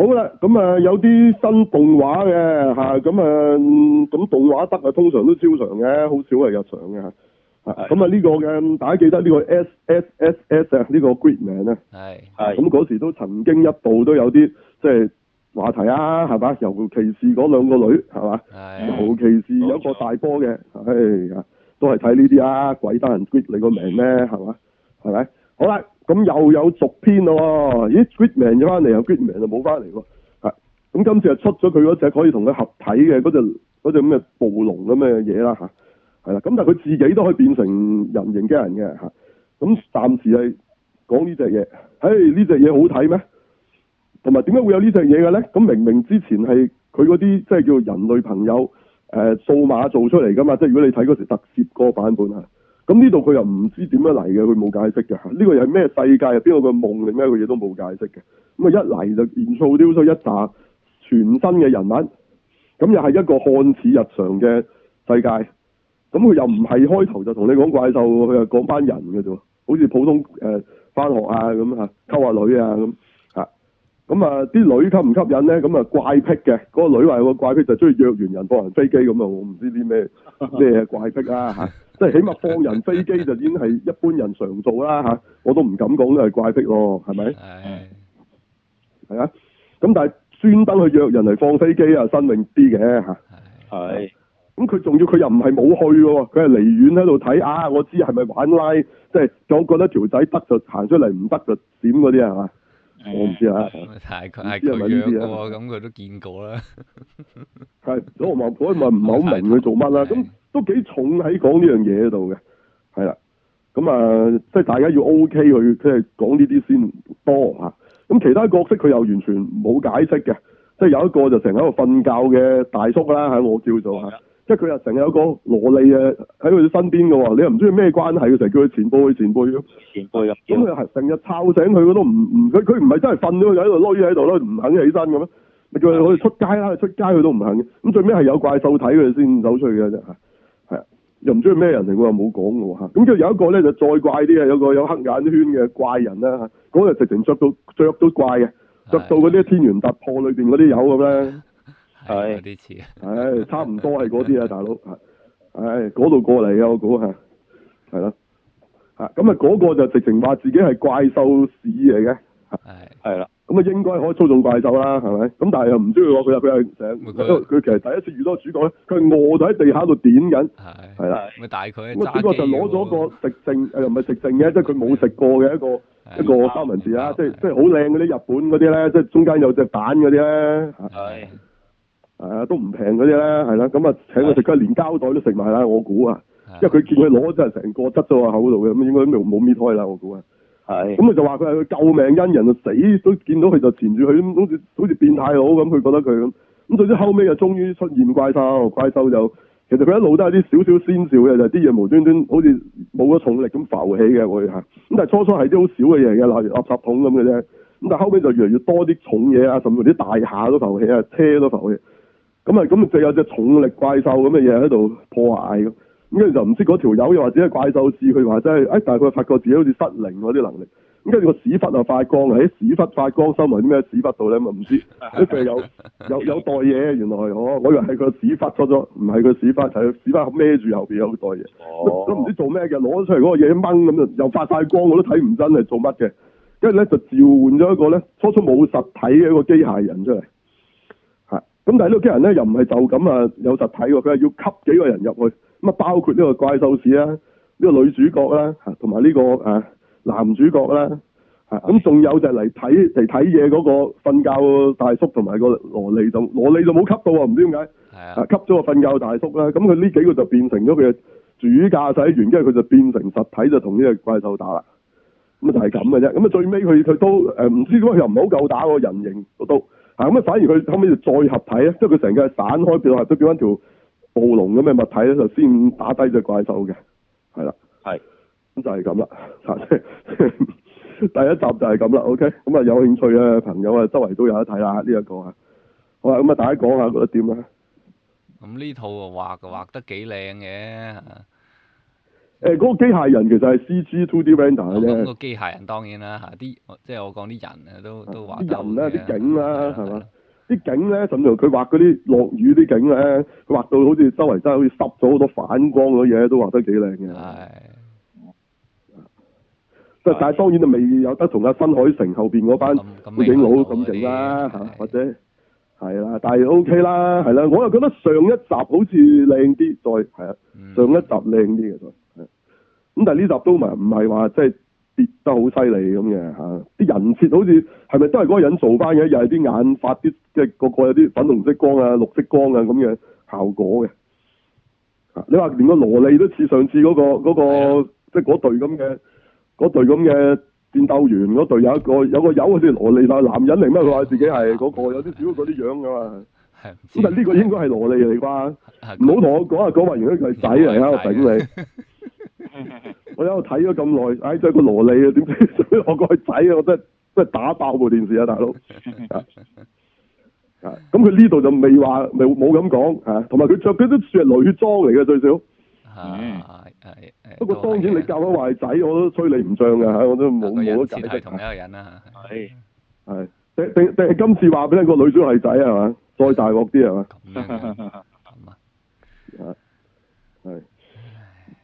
好啦，咁啊、嗯、有啲新動畫嘅吓，咁啊咁、嗯、動畫得啊，通常都超常嘅，好少係日常嘅吓。咁啊呢是的、這個嘅，大家記得呢個 S S S S 啊呢個 Gridman 名咧。係係。咁嗰時候都曾經一度都有啲即係話題啊，係嘛？尤其是嗰兩個女，係嘛？係。是的 尤其是有個大波嘅沒錯、哎，都係睇呢啲啊，鬼得人 Gridman 你個名咧，係嘛？係咪？好啦。咁又有續編咯喎，咦，goodman 又翻嚟，Great Man 又 goodman 就冇翻嚟喎，咁今次就出咗佢嗰隻可以同佢合體嘅嗰隻嗰隻咩暴龍咁嘅嘢啦，係啦，咁但係佢自己都可以變成人形嘅人嘅，咁暫時係講呢隻嘢，唉、欸，呢隻嘢好睇咩？同埋點解會有隻呢隻嘢嘅咧？咁明明之前係佢嗰啲即係叫人類朋友誒數、呃、碼做出嚟噶嘛，即係如果你睇嗰時特攝個版本。咁呢度佢又唔知點樣嚟嘅，佢冇解釋嘅。呢個又係咩世界啊？邊個嘅夢另咩嘅嘢都冇解釋嘅。咁啊一嚟就現出啲出一紮全新嘅人物，咁又係一個看似日常嘅世界。咁佢又唔係開頭就同你講怪獸，佢係講班人嘅啫。好似普通誒翻學啊咁嚇，溝下女啊咁嚇。咁啊啲女吸唔吸引咧？咁啊怪癖嘅，嗰、嗰個女話有個怪癖就中意約完人放人飛機咁啊！我唔知啲咩咩怪癖啊嚇。 即係 起碼放人飛機就已經係一般人常做啦嚇，啊，我都唔敢講都係怪癖咯，係咪？係的。係啊的，咁但係專登去約人嚟放飛機啊，新穎啲嘅嚇。係的。咁佢仲要佢又唔係冇去喎，佢係離遠喺度睇啊！我知係咪玩拉？即係總覺得條仔得就行出嚟，唔得就閃嗰啲啊！嗯、我唔知道啊，但係佢係佢養過，咁佢都見過啦。係是，嗯、我我我唔係好明佢做乜啦，咁都幾重喺講呢樣嘢度嘅。係啦，咁啊，即、呃、係、就是、大家要 O K 去，即係講呢啲先多吓，咁其他角色佢又完全冇解釋嘅，即、就、係、是、有一個就成日喺度瞓覺嘅大叔啦，喺我叫做吓。即係佢又成日有個羅莉誒喺佢身邊嘅喎，你又唔知佢咩關係，成日叫佢前輩，佢前輩咁。前輩啊！咁佢係成日抄醒佢，佢都唔唔佢佢唔係真係瞓咗，佢喺度攞衣喺度咯，唔肯起身咁咯。叫佢出街啦，出街佢都唔肯。咁最尾係有怪獸睇佢先走出去嘅啫嚇。係啊，啊，又唔知佢咩人嚟，又冇講嘅喎。咁即係有一個咧就再怪啲嘅，有個有黑眼圈嘅怪人啦嚇。嗰、啊嗰個直情着到著到怪嘅，着到佢啲《天元突破》裡面裏邊嗰啲友咁咧。嗯係有啲似，係差唔多係嗰啲啊，大佬，係，嗰度過嚟嘅我估吓，係咯，吓咁啊嗰個就直情話自己係怪獸屎嚟嘅，係係啦，咁啊應該可以操縱怪獸啦，係咪？咁但係又唔知佢話佢入邊係佢其實第一次遇到主角咧，佢係餓喺地下度點緊，係係啦，咁啊主角就攞咗個食剩誒，又唔係食剩嘅，即係佢冇食過嘅一個一個三文治啊，即係即係好靚嗰啲日本嗰啲咧，即係中間有隻蛋嗰啲咧，係。係啊，都唔平嗰啲啦，係啦，咁啊請佢食嘅連膠袋都食埋啦，我估啊，因為佢見佢攞真係成個塞咗喺口度嘅，咁應該都冇冇搣開啦，我估啊。係。咁佢就話佢係佢救命恩人，啊，死都見到佢就纏住佢，好似好似變態佬咁，佢覺得佢咁。咁到之後尾啊，終於出現怪獸，怪獸就其實佢一路都係啲少少先兆嘅，就係啲嘢無端端好似冇咗重力咁浮起嘅會嚇。咁但係初初係啲好少嘅嘢嘅，例如垃圾桶咁嘅啫。咁但係後尾就越嚟越多啲重嘢啊，甚至啲大廈都浮起啊，車都浮起。咁啊，咁啊、嗯，就有隻重力怪獸咁嘅嘢喺度破壞咁，咁跟住就唔知嗰條友又或者係怪獸是佢話真係，哎，但係佢發覺自己好似失靈嗰啲能力，咁跟住個屎忽啊發光，喺屎忽發光，收埋啲咩屎忽度咧咁啊唔知，啲佢有有有，有袋嘢，原來我我以為係個屎忽出咗，唔係個屎忽，係個屎忽孭住後邊有袋嘢，都唔、哦、知做咩嘅，攞咗出嚟嗰個嘢掹咁就又發晒光，我都睇唔真係做乜嘅，跟住咧就召喚咗一個咧，初初冇實體嘅一個機械人出嚟。咁但係呢啲人咧又唔係就咁啊，有實體喎，佢係要吸幾個人入去，咁啊包括呢個怪獸士啦，呢個女主角啦，同埋呢個啊男主角啦，咁仲有就嚟睇、嚟睇嘢嗰個瞓覺大叔同埋個蘿莉，蘿莉就冇吸到啊，唔知點解，吸咗個瞓覺大叔啦，咁佢呢幾個就變成咗佢嘅主駕駛員，跟住佢就變成實體就同呢個怪獸打啦，咁啊就係咁嘅啫，咁啊最尾佢，佢都誒唔知佢又唔好夠打喎，人形個啊！咁啊，反而佢後尾就再合體咧，即係佢成個散開變落去都變翻條暴龍咁嘅物體咧，就先打低隻怪獸嘅，係啦，係，咁就係咁啦，第一集就係咁啦，OK，咁啊，有興趣嘅朋友啊，周圍都有得睇啦，呢一個啊，好啦，咁啊，大家講下覺得點啊？咁呢套畫畫得幾靚嘅。誒，嗰、欸那個機械人其實係 C G two D render 嘅啫。講個機械人當然啦吓，啲即係我講啲、就是、人咧都都畫啲人啦、啊，啲景啦，係嘛？啲景咧，甚至佢畫嗰啲落雨啲景咧，佢畫到好似周圍真係好似濕咗好多反光嗰嘢，嗯、都畫得幾靚嘅。係、啊。但但係當然就未有得同阿新海誠後邊嗰班背景佬咁勁啦吓，或者係、啊 OK、啦，但係 O K 啦，係啦，我又覺得上一集好似靚啲，再係啊，嗯、上一集靚啲嘅。咁但係呢集都唔唔係話即係跌得好犀利咁嘅吓，啲人設好似係咪都係嗰個人做翻嘅，又係啲眼發啲即係個個有啲粉紅色光啊、綠色光啊咁嘅效果嘅。你話連個蘿莉都似上次嗰個嗰個即係嗰隊咁嘅嗰隊咁嘅戰鬥員，嗰隊有一個有個友好似蘿莉但係男人嚟咩？佢話自己係嗰個有啲少嗰啲樣噶嘛。咁但呢個應該係蘿莉嚟啩，唔好同我講啊！講話如果佢係仔嚟啦，我頂你。 我喺度睇咗咁耐，唉、哎，着個蘿莉啊，點知我個係仔啊？我真真係打爆部電視啊，大佬。咁佢呢度就未話，未冇咁講啊。同埋佢着嗰啲雪係女裝嚟嘅最少。不過當然你教咗壞仔，我都吹你唔脹噶吓，我都冇冇咁得同一個人啦、啊。係係定定今次話俾你聽、個女裝係仔係嘛？再大鑊啲係嘛？是吧啊，係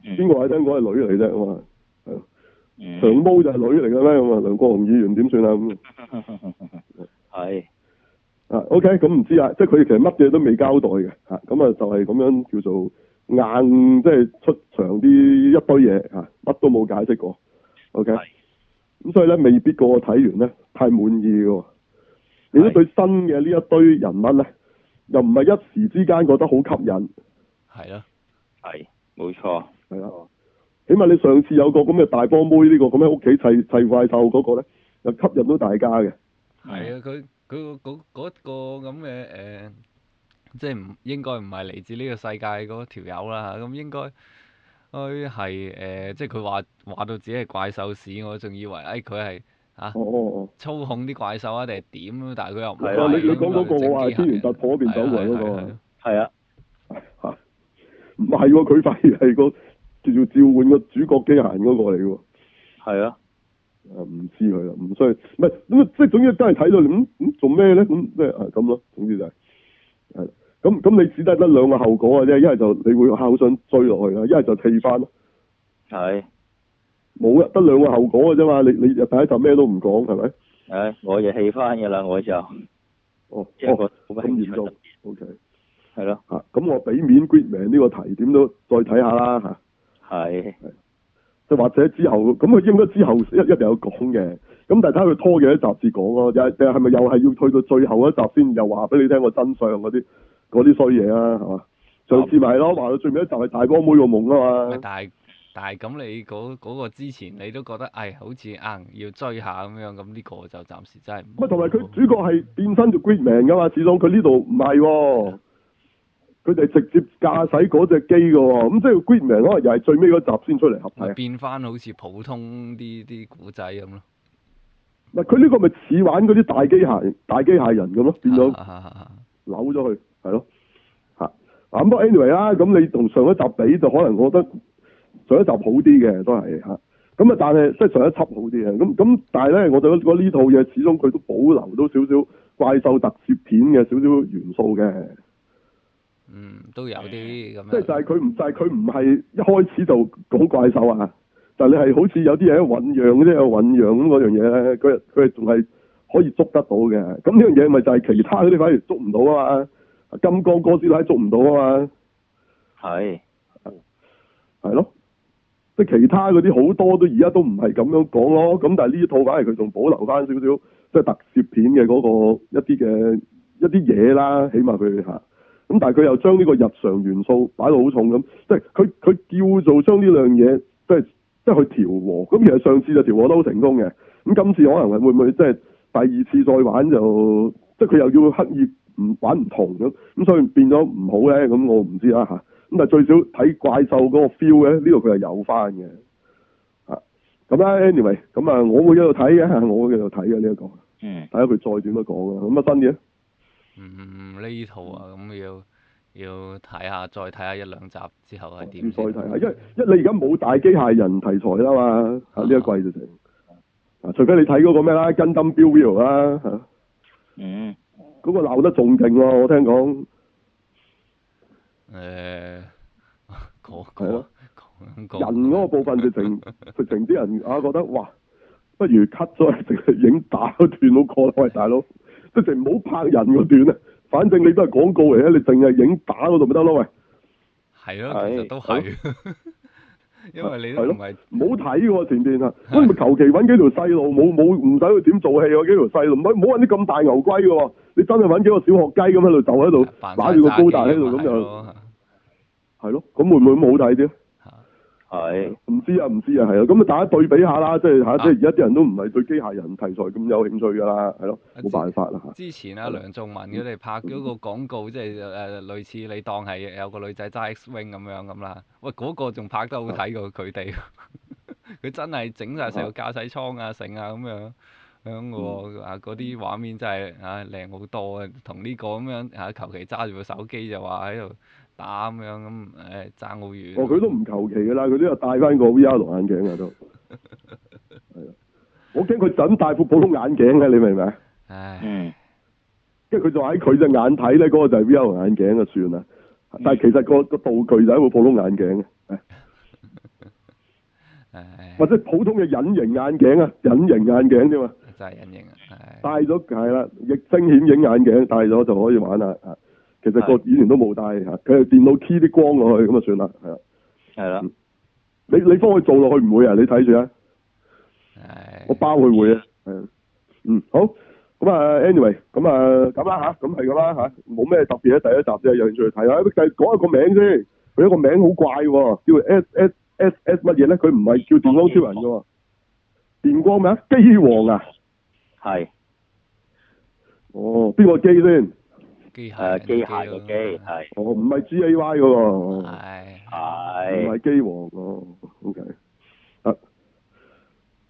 係，邊個話聽講我係女嚟啫，咁啊，嗯、啊長毛就係女嚟嘅咩？咁啊，梁國雄議員點算啊？咁是啊，係啊，OK，咁、嗯、唔、嗯、知啊，即係佢哋其實乜嘢都未交代嘅，嚇咁啊，就係、是、咁樣叫做硬，即、就、係、是、出場啲一,一堆嘢，嚇、啊、乜都冇解釋過，OK，咁是所以咧，未必個個睇完咧太滿意喎。你對新嘅呢一堆人物呢，是又唔係一時之間覺得好吸引。係咯、啊，係，冇錯，係咯、啊。起碼你上次有個咁嘅大波妹，呢、呢個咁嘅屋企砌砌怪獸嗰個呢，又吸引到大家嘅。係啊，佢佢嗰個咁嘅誒，即係唔應該唔係嚟自呢個世界嗰條友啦，咁應該佢係誒，即係佢話話到自己係怪獸史，我仲以為誒佢係。哎操控啲怪獸啊，定係點？但係佢又唔係、啊、你你講嗰、嗰個話天元突破邊走位嗰個，係啊，唔係喎，佢反而係個叫做召喚個主角機械嗰個嚟嘅喎，係啊，啊，唔知佢啦，唔需要，唔係，咁即係，總之都係睇到，嗯嗯，做咩咧？咁咩啊？咁咯，總之就係，係、嗯，咁、嗯、咁，嗯啊就係啊、你只得得兩個後果啊。啫，一係就你會好想追落去啊，一係就棄翻咯，係。冇啊，得兩個後果嘅啫嘛，你你第一集咩都唔講係咪？唉，我就氣返嘅啦，我就哦哦咁嚴重，係咯吓，咁我俾面 Gridman 名呢個提點都再睇下啦吓，係、啊、即是或者之後，咁佢應該之後一一定有講嘅，咁但係睇佢拖幾多集至講咯，是是又又係咪又係要推到最後一集先又話俾你聽個真相嗰啲嗰啲衰嘢啊係嘛？的上次咪係咯，話到最尾一集係大光妹個夢啊嘛，大。但係咁，你嗰嗰個之前你都覺得，哎，好似硬、嗯、要追下咁樣，咁呢個就暫時真係唔。同埋佢主角係變身做 Gridman 噶嘛，始終佢呢度唔係喎，佢哋、啊、直接駕駛嗰隻機嘅喎、哦，咁、嗯、即係 Gridman 可能又係最尾嗰集先出嚟合體。變翻好似普通啲啲古仔咁咯。唔係佢呢個咪似玩嗰啲大機械大機械人嘅咯，變到扭咗佢，係咯嚇。咁、啊、不過、啊啊、anyway 啦，咁你同上一集比就可能我覺得。上一集好啲嘅都係吓，咁啊，但係，即係上一輯好啲嘅。咁咁但係咧，我覺得呢套嘢，始終佢都保留到少少怪獸特攝片嘅少少元素嘅，嗯，都有啲咁。即係就係佢唔就係佢唔係一開始就講怪獸啊，但係你係好似有啲嘢喺醞釀嗰啲有醞釀咁嗰樣嘢咧，佢佢仲係可以捉得到嘅，咁呢樣嘢咪就係其他嗰啲反而捉唔到啊嘛，金剛哥斯拉捉唔到啊嘛，係的，係咯。即係其他嗰啲好多都而家都唔係咁樣講咯，咁但係呢一套反係佢仲保留翻少少即係特攝片嘅嗰個一啲嘅一啲嘢啦，起碼佢嚇，咁但係佢又將呢個日常元素擺到好重咁，即係佢佢叫做將呢樣嘢即係即係去調和，咁其實上次就調和得好成功嘅，咁今次可能係會唔會即係第二次再玩就即係佢又要刻意唔玩唔同咁，咁所以變咗唔好咧，咁我唔知啦。咁啊最少睇怪獸嗰個 feel 嘅，呢個佢係有翻嘅，啊，咁啊，Anyway，咁啊，我會喺度睇嘅，我喺度睇嘅呢一個、啊，嗯，睇下佢再點樣講嘅，咁啊新嘢？嗯呢套啊，咁要要睇下，再睇下一兩集之後係點？再睇下，因為一你而家冇大機械人題材啦嘛，吓、啊、呢、啊、一季就成、啊，除非你睇嗰個咩啦，根深標 Will 啦吓，啊、嗯，嗰個鬧得仲勁喎，我聽講。誒，講講、嗯、吧人嗰個部分直情，直情啲人啊覺得 哇，不如 cut 咗，淨係影打嗰段好過啦。喂，大佬，直情唔好拍人嗰段啊。反正你都係廣告嚟啊，你淨係影打嗰度咪得咯？喂，係啊，其實都係。 因為你係咯，唔好睇喎前邊啊，咁咪求其揾幾條細路，冇冇唔使佢點做戲啊？幾條細路，唔好唔好揾啲咁大牛龜嘅，你真係揾幾個小學雞咁喺度就喺度，打住個高達喺度咁就係咯，咁的會唔會冇好睇啲？係，唔知啊，唔知啊，係咯，咁啊，大家對比下啦，即係嚇，即係而家啲人都唔係對機械人題材咁有興趣噶啦，係咯，冇辦法啦。之前啊，梁仲文佢哋拍嗰個廣告，即係誒類似你當係有個女仔揸 X Wing 咁樣咁啦，喂，嗰個仲拍得好睇過佢哋，佢真係整晒成個駕駛艙啊、成啊咁樣，咁嘅啊嗰啲畫面真係嚇靚好多嘅，同呢個咁樣嚇，求其揸住個手機就話喺度。咁樣咁，唉、哎，爭好遠。哦，佢都唔求其噶啦，佢都有戴翻個 VR 眼鏡啊，都係啊。我驚佢真戴副普通眼鏡啊，你明唔明？唉，嗯，即係佢就喺佢隻眼睇咧，嗰個就係 VR 眼鏡就算啦。但係其實個個道具就係一副普通眼鏡啊，唉，或者普通嘅隱形眼鏡啊，隱形眼鏡啫嘛，就係隱形啊，戴咗係啦，液晶顯影眼鏡戴咗就可以玩啦其實個演員都冇，但係佢係電腦 key 啲光落去，咁就算啦，係啦，係啦的、嗯，你你幫佢做落去唔會啊？你睇住啊，的我包佢會啊，係啊的，嗯，好，咁、嗯、啊，Anyway，咁、嗯、啊，咁啦吓，咁係咁啦吓，冇咩特別啊，第一集啫，有興趣嚟睇下，不如講下個名先，佢一個名好怪喎，叫 S S S S 乜嘢咧？佢唔係叫電光超人嘅，電光咩啊？機王啊？係的，哦，邊個機先？機械機械個機係哦，唔係 G A Y 噶喎，係唔係機王咯？O K，啊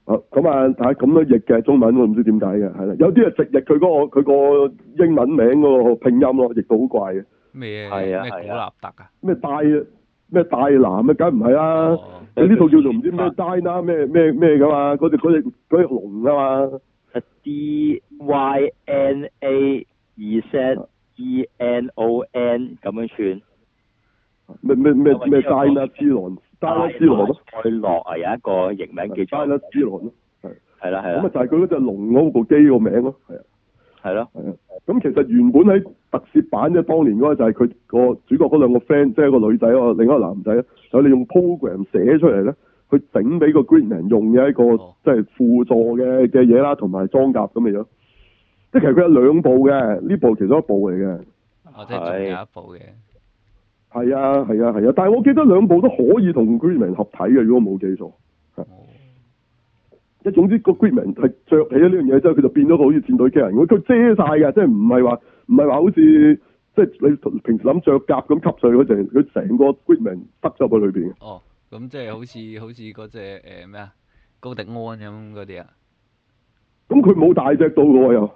啊咁啊睇咁多譯嘅中文，唔知點解嘅係啦，有啲係直譯佢嗰個佢個英文名嗰個拼音咯，譯到好怪嘅。咩？係啊係啊，古立特啊？咩大？咩大男？咩？梗唔係啊？呢套叫做唔知咩 Dyna 咩咩咩噶嘛？嗰隻嗰隻嗰隻龍啊嘛。D Y N A E Z。G N O N 咁樣算？咩咩咩咩戴拿之龍，戴拿之龍咯，佢樂啊有一個譯名叫戴拿之龍咯，係係啦係，咁啊就係佢嗰隻龍嗰部機個名咯，係啊的，係咯，係啊，咁其實原本喺特攝版即係當年嗰個就係佢個主角嗰兩個 friend，即係一個女仔喎，另一個男仔咧，有你用 program 寫出嚟咧，佢整俾個 Gridman 用嘅一個、哦、即係輔助嘅嘅嘢啦，同埋裝甲咁嘅樣。即係佢有兩部嘅，呢部其中一部嚟嘅，最後、哦、一部嘅。係啊係啊係啊，但係我記得兩部都可以同 Greenman 合體嘅，如果冇記錯。即係、嗯、總之個 Greenman 係着起咗呢樣嘢之後，佢就變咗個好似戰隊嘅人，佢遮晒嘅，即係唔係話唔係話好似即係你平時諗着甲咁吸碎嗰陣，佢成個 Greenman 塞咗去裏邊。哦，咁即係好似好似嗰隻誒咩啊高迪安咁嗰啲啊。咁佢冇大隻到嘅又。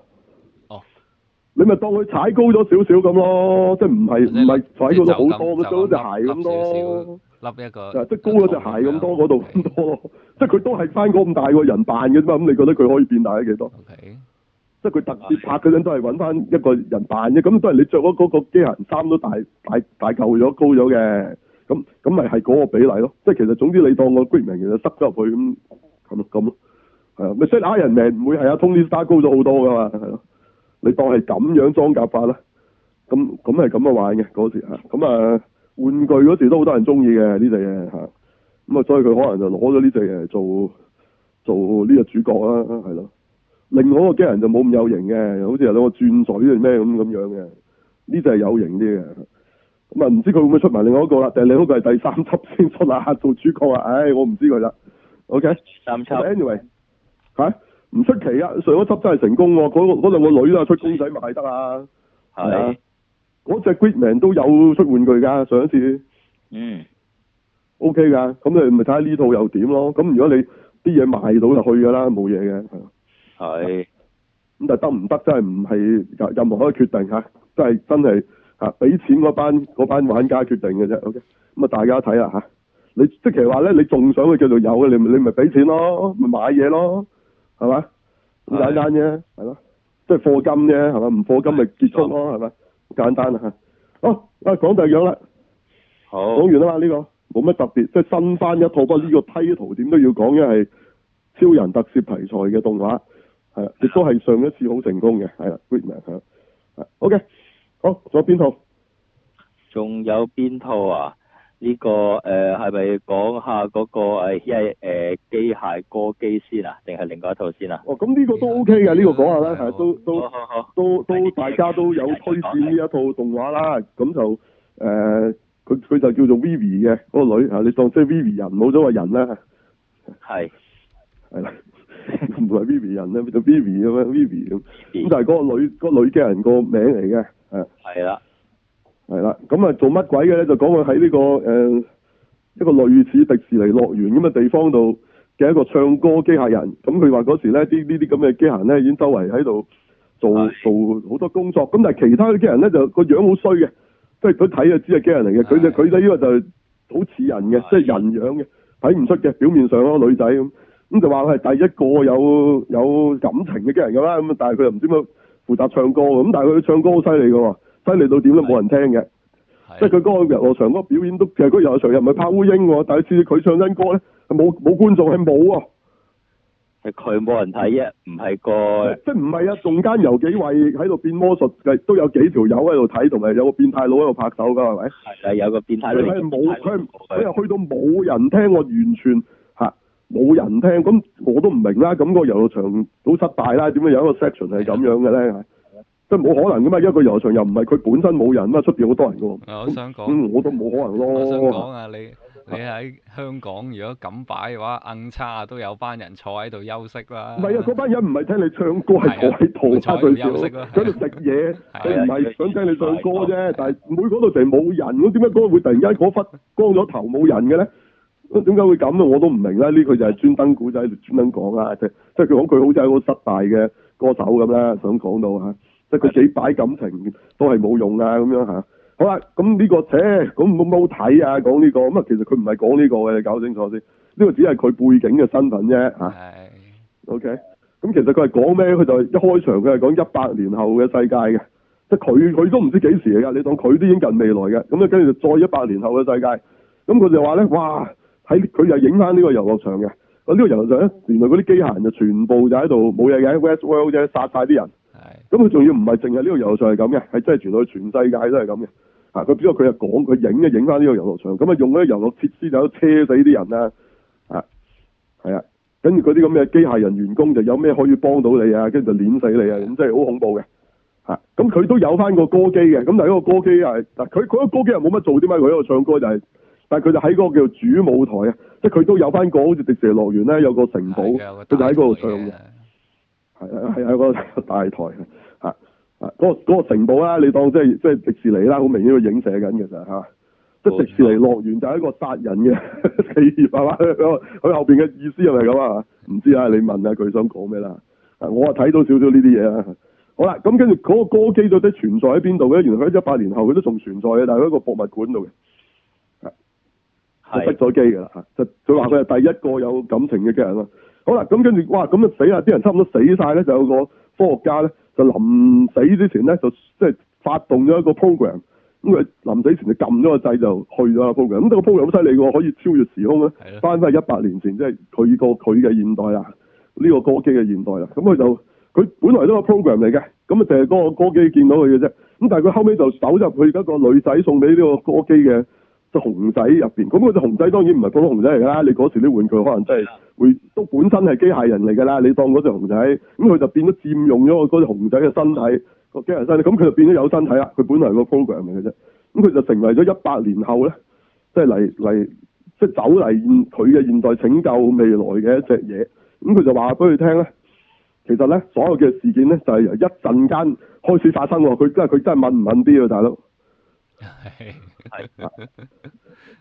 你咪當佢踩高咗少少咁咯，即係唔係唔係踩高咗好多，咁就嗰對鞋咁 okay. 多，少即係高咗對鞋咁多嗰度咁多咯，即係佢都係翻嗰咁大個人扮嘅啫嘛，咁你覺得佢可以變大咗幾多？Okay. 即係佢特別拍嗰陣都係搵翻一個人扮嘅，咁都係你着咗嗰個機械人衫都大大大舊咗高咗嘅，咁咁咪係嗰個比例咯。即係其實總之你當個 green 人其實塞咗入去咁咁咯，係啊，咪 Iron Man 唔會係阿 Tony Stark 高咗好多噶嘛，係咯。你當係咁樣裝甲法啦，咁咁係咁樣玩嘅嗰時啊，咁啊玩具嗰時都好多人中意嘅呢隻嘢吓，咁啊所以佢可能就攞咗呢隻嘢做做呢個主角啦。係咯，另外一個機人就冇咁有型嘅，好似有兩個轉嘴咩咁咁樣嘅，呢隻係有型啲嘅，咁啊唔知佢會唔會出埋另外一個啦？定係呢個係第三輯先出啊？做主角啊？唉、哎，我唔知佢啦。Okay？第三輯。Anyway。吓？唔出奇啊！上一輯真係成功，嗰嗰兩個女都係出公仔賣得啊。係啊的，嗰隻的 Gridman 都有出玩具噶，上一次。嗯，O K 噶，咁，okay、你咪睇下呢套又點咯。咁如果你啲嘢賣到就去噶啦，冇嘢嘅係咁，但係得唔得真係唔係任何可以決定吓、啊，真係真係吓俾錢嗰班嗰班玩家決定嘅啫。O K，咁啊，大家睇下，吓。你即係其話咧，你仲想去叫做有嘅，你咪俾錢咯，咪買嘢咯。係嘛？咁簡單啫，係咯，即係課金啫，係嘛？唔課金咪結束咯，係咪？簡單啊吓。好，啊講第二樣啦。好。講完啦呢個，冇乜特別，即係新翻一套，不過呢個梯圖點都要講，嘅係超人特攝題材嘅動畫系啦，亦都係上一次好成功嘅系啦 Great Man，OK 好，仲有邊套？仲有邊套啊？呢、這個誒係咪講下嗰、那個誒誒、呃、機械歌機先啊，定係另外一套先啊？哦，咁、這、呢個都 OK 嘅，呢、這個講下啦、哦。都、哦、都、哦、都都、這個、大家都有推薦呢一套動畫啦。咁就誒，佢、呃、佢就叫做 Vivy 嘅嗰、那個女啊，你當即係 Vivy 人冇咗話人啦。係是，係啦， 唔係 Vivy 人啦，叫做 Vivy 咁樣 Vivy 咁，咁但係嗰個女嗰、那個女機器人個名嚟嘅。誒，係啦。係啦，咁啊做乜鬼嘅咧？就講佢喺呢個誒、呃、一個類似迪士尼樂園咁嘅地方度嘅一個唱歌機械人。咁佢話嗰時咧，啲呢啲咁嘅機械人咧已經周圍喺度做的做好多工作。咁但係其他嘅機械人咧就個樣好衰嘅，即係佢睇就知係機械人嚟嘅。佢的就佢咧因為就好似人嘅，即係人樣嘅，睇唔出嘅，表面上咯，女仔咁。咁就話佢係第一個有有感情嘅機械人咁啦。咁但係佢又唔知乜負責唱歌咁，但係佢唱歌好犀利噶。犀利到點都冇人聽嘅，的即係佢嗰個遊樂場嗰個表演都，其實嗰個遊樂場又唔係拍烏蠅喎，但係次次佢唱緊歌咧，冇冇觀眾，係冇啊，係佢冇人睇啫，唔係個，即係唔係啊？仲間有幾位喺度變魔術嘅，都有幾條友喺度睇，同埋有個變態佬喺度拍手噶，係咪？係有個變態佬。佢係冇，佢係佢係去到冇人聽，我完全吓冇人聽，咁我也不白、那個、都唔明啦。咁個遊樂場好失敗啦，點解有一個 section 係咁樣嘅咧？即係冇可能噶嘛，一個遊場又唔係佢本身冇人嘛，出邊好多人噶喎。我想講，嗯，我都冇可能咯。我想講啊，你你喺香港，如果咁擺嘅話，硬叉都有班人坐喺度休息啦。唔係啊，嗰班人唔係聽你唱歌，係坐喺度休息啦，喺度食嘢，係唔係想聽你唱歌啫。但係唔會度成冇人，咁點解歌會突然間嗰忽光咗頭冇人嘅咧？咁點解會咁啊？我都唔明啦。呢個就係專登古仔，專登講啦，即即係佢講句，好似一個失敗嘅歌手咁啦，想講到嚇。即係佢幾己擺感情都，都係冇用啊！咁樣吓，好啦，咁呢個，誒，咁咁冇睇啊！講呢個，咁啊，其實佢唔係講呢個嘅，你搞清楚先。呢、呢個只係佢背景嘅身份啫，吓的。O K，咁其實佢係講咩？佢就係一開場，佢係講一百年後嘅世界嘅，即係佢，佢都唔知幾時嚟噶。你當佢都已經近未來嘅，咁啊，跟住就再一百年後嘅世界，咁佢就話咧，哇！喺佢就影翻呢個遊樂場嘅，咁呢個遊樂場咧，原來嗰啲機械人就全部就喺度冇嘢嘅，West World 啫，殺晒啲人。咁佢仲要唔係淨係呢個遊樂場係咁嘅，係真係傳到全世界都係咁嘅。啊，佢只不過佢係講佢影嘅，影翻呢個遊樂場，咁啊用嗰啲遊樂設施就車死啲人啦。啊，係啊，跟住嗰啲咁嘅機械人員工就有咩可以幫到你啊？跟住就碾死你啊！咁真係好恐怖嘅。啊，咁佢都有翻個歌機嘅，咁但係嗰個歌機啊，嗱佢嗰個歌機又冇乜做，啲咩佢喺度唱歌就係、是？但係佢就喺嗰個叫主舞台啊，即係佢都有翻個好似迪士尼樂園咧有個城堡，佢就喺嗰度唱嘅。係係有個大台吓啊，嗰、嗰個、嗰個城堡啦，你當即係即係迪士尼啦，好明顯都影射緊嘅啫吓，即迪士尼樂園就係一個殺人嘅企業係嘛，佢佢後邊嘅意思又係咁啊？唔知啊，你問下佢想講咩啦？我啊睇到少少呢啲嘢啊，好啦，咁跟住嗰個歌姬到底存在喺邊度嘅？原來佢一八年後，佢都仲存在嘅，但係喺個博物館度嘅，係的失咗機噶啦吓，就佢話佢係第一個有感情嘅機器人啊。好啦，咁跟住，哇，咁啊，死啦，啲人差唔多死晒咧，就有個科學家咧就臨死之前咧就即係發動咗一個 program，咁佢臨死前就撳咗個掣就去咗啦 program。咁呢個 program 好犀利喎，可以超越時空咧，翻返去一百年前，即係佢個佢嘅現代啦，呢個歌姬嘅現代啦。咁佢就佢本來都係 program 嚟嘅，咁啊，淨係嗰個歌姬見到佢嘅啫。咁但係佢後尾就走入去一個女仔送俾呢個歌姬嘅。隻熊仔入面，咁嗰隻熊仔當然唔係普通熊仔嚟㗎啦。你嗰時啲玩具可能真係會都本身係機械人嚟㗎啦。你當嗰隻熊仔，咁佢就變咗佔用咗嗰隻熊仔嘅身體、個機械人身體，咁佢就變咗有身體啦。佢本來係個 program 嚟嘅啫，咁佢就成為咗一百年後咧，即係嚟嚟即係走嚟佢嘅現代拯救未來嘅一隻嘢。咁佢就話俾佢聽咧，其實咧所有嘅事件咧就係由一陣間開始發生。佢真係佢真係敏唔敏啲啊，大佬！係係，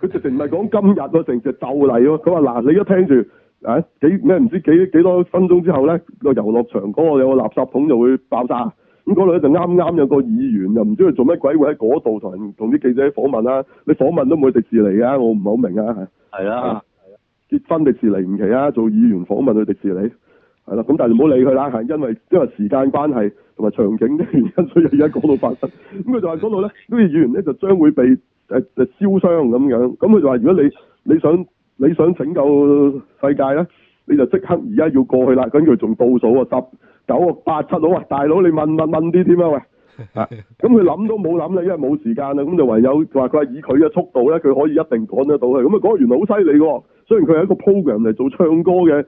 佢 直情唔係講今日喎，成日就嚟喎。佢話，嗱，你而家聽住啊，幾咩唔知幾幾多分鐘之後咧，個遊樂場嗰個有個垃圾桶就會爆炸。咁嗰度咧就啱啱有個議員又唔知佢做咩鬼會喺嗰度同同啲記者訪問啊。你訪問都唔會去迪士尼噶，我唔係好明啊。係係啦，結婚迪士尼唔奇啊，做議員訪問去迪士尼。係啦，咁但係唔好理佢啦，吓，因為因為時間關係同埋場景嘅原因，所以而家嗰度發生。咁佢就話嗰度咧，啲語言咧就將會被誒誒燒傷咁樣。咁佢就話如果你你想你想拯救世界咧，你就即刻而家要過去啦。跟住佢仲倒數啊，十九啊，八七，好啊，大佬你問問問啲添啊，喂，啊，咁佢諗都冇諗啦，因為冇時間啦，咁就唯有話佢話以佢嘅速度咧，佢可以一定趕得到佢。咁啊講完好犀利喎，雖然佢係一個 program 嚟做唱歌嘅。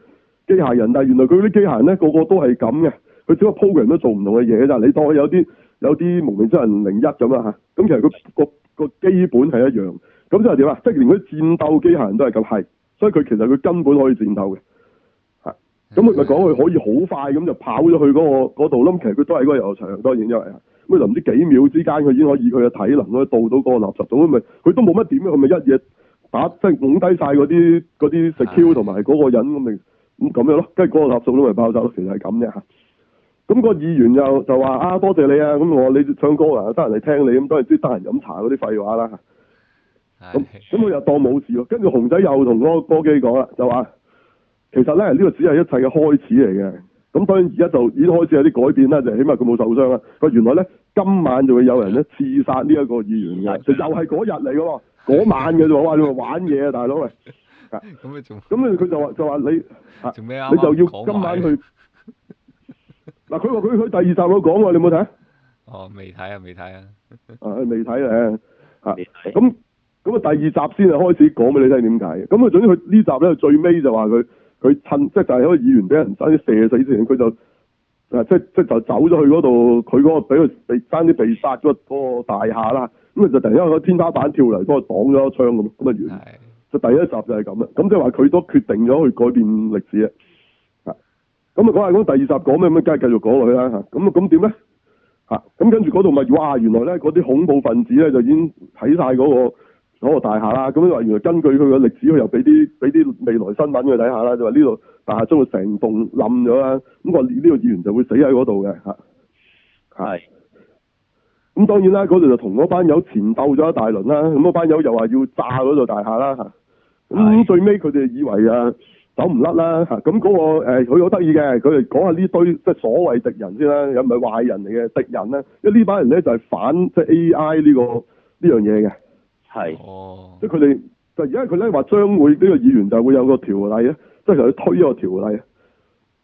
機械人，但係原來佢啲機械人咧個個都係咁嘅，佢只不過 program 都做唔同嘅嘢咋，你當佢有啲有啲蒙面超人零一咁啊吓，咁其實佢個個基本係一樣，咁即係點啊？即係連嗰啲戰鬥機械人都係咁係，所以佢其實佢根本可以戰鬥嘅，吓的，咁佢咪講佢可以好快咁就跑咗去嗰、嗰個度咯、嗰個，其實佢都係嗰個遊樂場，當然因為咁啊，唔知幾秒之間佢已經可以以佢嘅體能可以到到個垃圾桶，咪佢都冇乜點啊，佢咪一嘢打即係拱低晒嗰啲啲 security 同埋嗰個人咁咪。咁咁樣咯，跟住嗰個合眾都未爆炸咯，其實係咁嘅。嚇。咁個議員又就話啊，多謝，謝你啊，咁我你唱歌啊，得閒嚟聽你，咁當然知得閒飲茶嗰啲廢話啦。咁咁佢又當冇事喎。跟住熊仔又同嗰個歌姬講啦，就話其實咧呢個只係一切嘅開始嚟嘅。咁當然而家就已經開始有啲改變啦，就係、起碼佢冇受傷啦。佢原來咧今晚就會有人咧刺殺呢一個議員嘅，就又係嗰日嚟嘅喎，嗰、哎、呀晚嘅啫喎，玩嘢啊大佬喂。咁 你仲咁你佢就話就話你做咩啊？剛剛你就要今晚去嗱。佢話佢第二集我講喎，你冇睇？哦，未睇啊，未睇啊，啊，未睇咧嚇，咁咁啊，第二集先就開始講俾你聽點解咁，佢總之佢呢集咧最尾就話佢佢趁即係就係、是、嗰個議員俾人爭啲射死之前，佢就啊即即就走、是、咗去嗰度，佢嗰個俾佢爭啲被殺咗嗰個大廈啦。咁佢就突然之間喺天花板跳嚟嗰度擋咗一槍咁，咁啊完。第一集就係咁啦，咁即係話佢都決定咗去改變歷史咧，啊，咁啊講下講第二集講咩，咁梗係繼續講落去啦嚇，咁咁點咧？嚇，咁跟住嗰度咪哇原來咧嗰啲恐怖分子咧就已經睇晒嗰個大廈啦，咁啊原來根據佢個歷史，佢又俾啲俾啲未來新聞佢睇下啦，就話呢度大廈將會成棟冧咗啦，咁個呢個議員就會死喺嗰度嘅嚇，係，咁是當然啦，嗰度就同嗰班友纏鬥咗一大輪啦，咁嗰班友又話要炸嗰度大廈啦嚇。咁、嗯、是最尾佢哋以為啊，走唔甩啦咁嗰、啊那個佢好得意嘅，佢哋講下呢堆即係所謂敵人先啦，又唔係壞人嚟嘅敵人呢。因為呢班人咧就係、是、反即、就是、A I 呢、呢個呢樣嘢嘅。係、這個。哦、這個。即係佢哋就而家佢咧話將會呢、這個議員就會有個條例啊，即係佢推呢個條例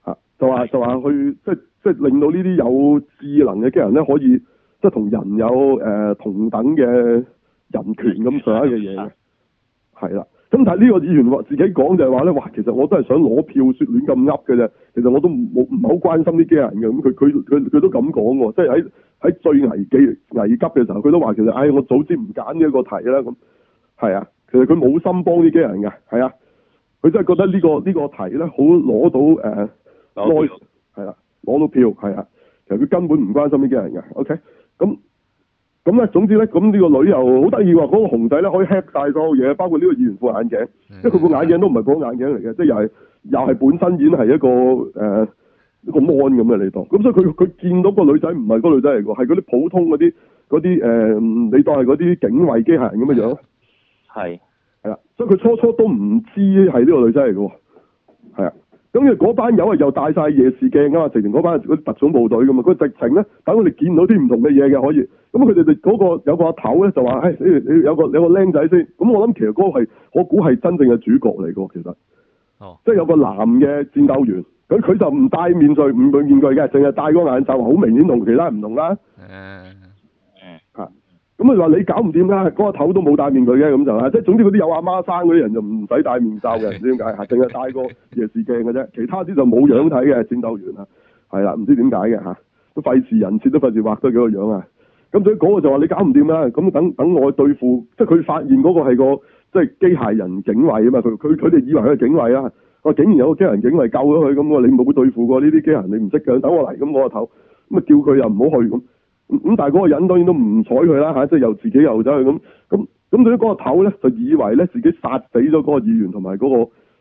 啊，就話就話去即係即係令到呢啲有智能嘅機人咧可以即係同人有誒、呃、同等嘅人權咁樣嘅嘢。係 啦。咁但係呢個議員話自己講就係話咧，哇！其實我都係想攞票說，説亂咁噏嘅啫。其實我都冇唔係好關心啲機人㗎。咁佢佢佢佢都咁講喎，即係喺喺最危機危急嘅時候，佢都話其實，唉、哎，我早知唔揀呢個題啦。咁係啊，其實佢冇心幫啲機人㗎。係啊，佢真係覺得呢、呢個呢、呢個題咧好攞到誒內係啦，攞、呃、到票係啊，啊。其實佢根本唔關心啲機人㗎。OK，咁。咁咧，總之咧，咁呢個女又好得意喎，嗰、嗰個熊仔咧可以吃晒所有嘢，包括呢個羽絨副眼鏡，即係佢個眼鏡都唔係普通眼鏡嚟嘅，即係又係又係本身已經係一個誒、呃、一個 mon 咁嘅你當，咁所以佢佢見到嗰個女仔唔係嗰個女仔嚟嘅，係嗰啲普通嗰啲嗰啲誒，你當係嗰啲警衛機械人咁嘅樣，係係啦，所以佢初初都唔知係呢個女仔嚟嘅，係啊。等於啊！嗰班友啊，又戴晒夜視鏡啊嘛，直情嗰班嗰啲特種部隊咁嘛。佢直情咧等佢哋見到啲唔同嘅嘢嘅可以，咁佢哋就嗰個有個阿頭咧就話，誒、哎，你有個你有個僆仔先。咁我諗其實嗰個係我估係真正嘅主角嚟嘅其實，哦，oh. 即係有個男嘅戰鬥員，咁佢就唔戴面具、唔戴面具嘅，淨係戴個眼罩，好明顯同其他唔同啦。Uh. 咁啊！話你搞唔掂啦，嗰個頭都冇戴面具嘅，咁就，即係總之嗰啲有阿媽生嗰啲人就唔使戴面罩嘅，唔知點解吓，淨係戴個夜視鏡嘅啫，其他啲就冇樣睇嘅戰鬥員啊，係啦，唔知點解嘅吓，都費事人設都費事畫多幾個樣啊！咁所以嗰個就話你搞唔掂啦，咁等等我對付，即係佢發現嗰個係個即係機械人警衛啊嘛，佢佢佢哋以為係警衛啊，我竟然有個機械人警衛救咗佢咁，我你冇對付過呢啲機械人，你唔識嘅，等我嚟咁我個頭，咁啊叫佢又唔好去咁。咁但係嗰個人當然都唔睬佢啦嚇，即係又自己又走去。咁咁咁。至於嗰個頭咧，就以為咧自己殺死咗嗰個議員同埋嗰個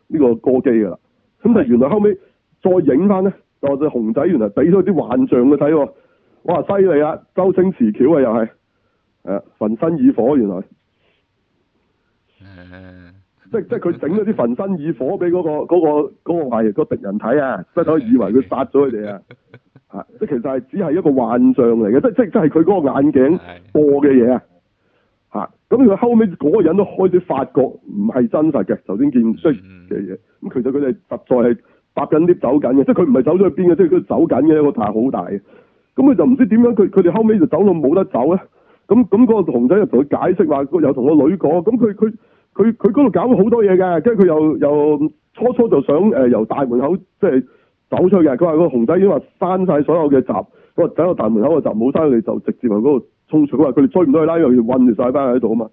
呢個歌姬噶啦。咁但的原來後尾，再影翻咧，就話隻熊仔原來俾咗啲幻象去睇喎。哇！犀利啊，周星馳橋啊又係，係焚身以火原來， 即係即係佢整咗啲焚身以火俾嗰、嗰個嗰、嗰個嗰、嗰個嗰個敵人睇啊，即係以為佢殺咗佢哋啊！ 啊！即係其實係只係一個幻象嚟嘅，即即即係佢嗰個眼鏡播嘅嘢啊！嚇咁佢後尾嗰個人都開始發覺唔係真實嘅頭先見衰嘅嘢。咁其實佢哋實在係搭緊啲走緊嘅，即係佢唔係走咗去邊嘅，即係佢走緊嘅一個塔好大嘅。咁佢就唔知點樣，佢佢哋後尾就走到冇得走咧。咁咁嗰個童仔就同佢解釋話，又同個女講，咁佢佢佢佢嗰度搞好多嘢嘅，跟住佢又又初初就想誒、呃、由大門口即係。走出嘅，佢話個紅仔已經話閂晒所有嘅閘，佢話走到大門口嘅閘冇閂佢哋，就直接去嗰度衝出。佢話佢哋追唔到去啦，又要暈住曬喺度啊嘛。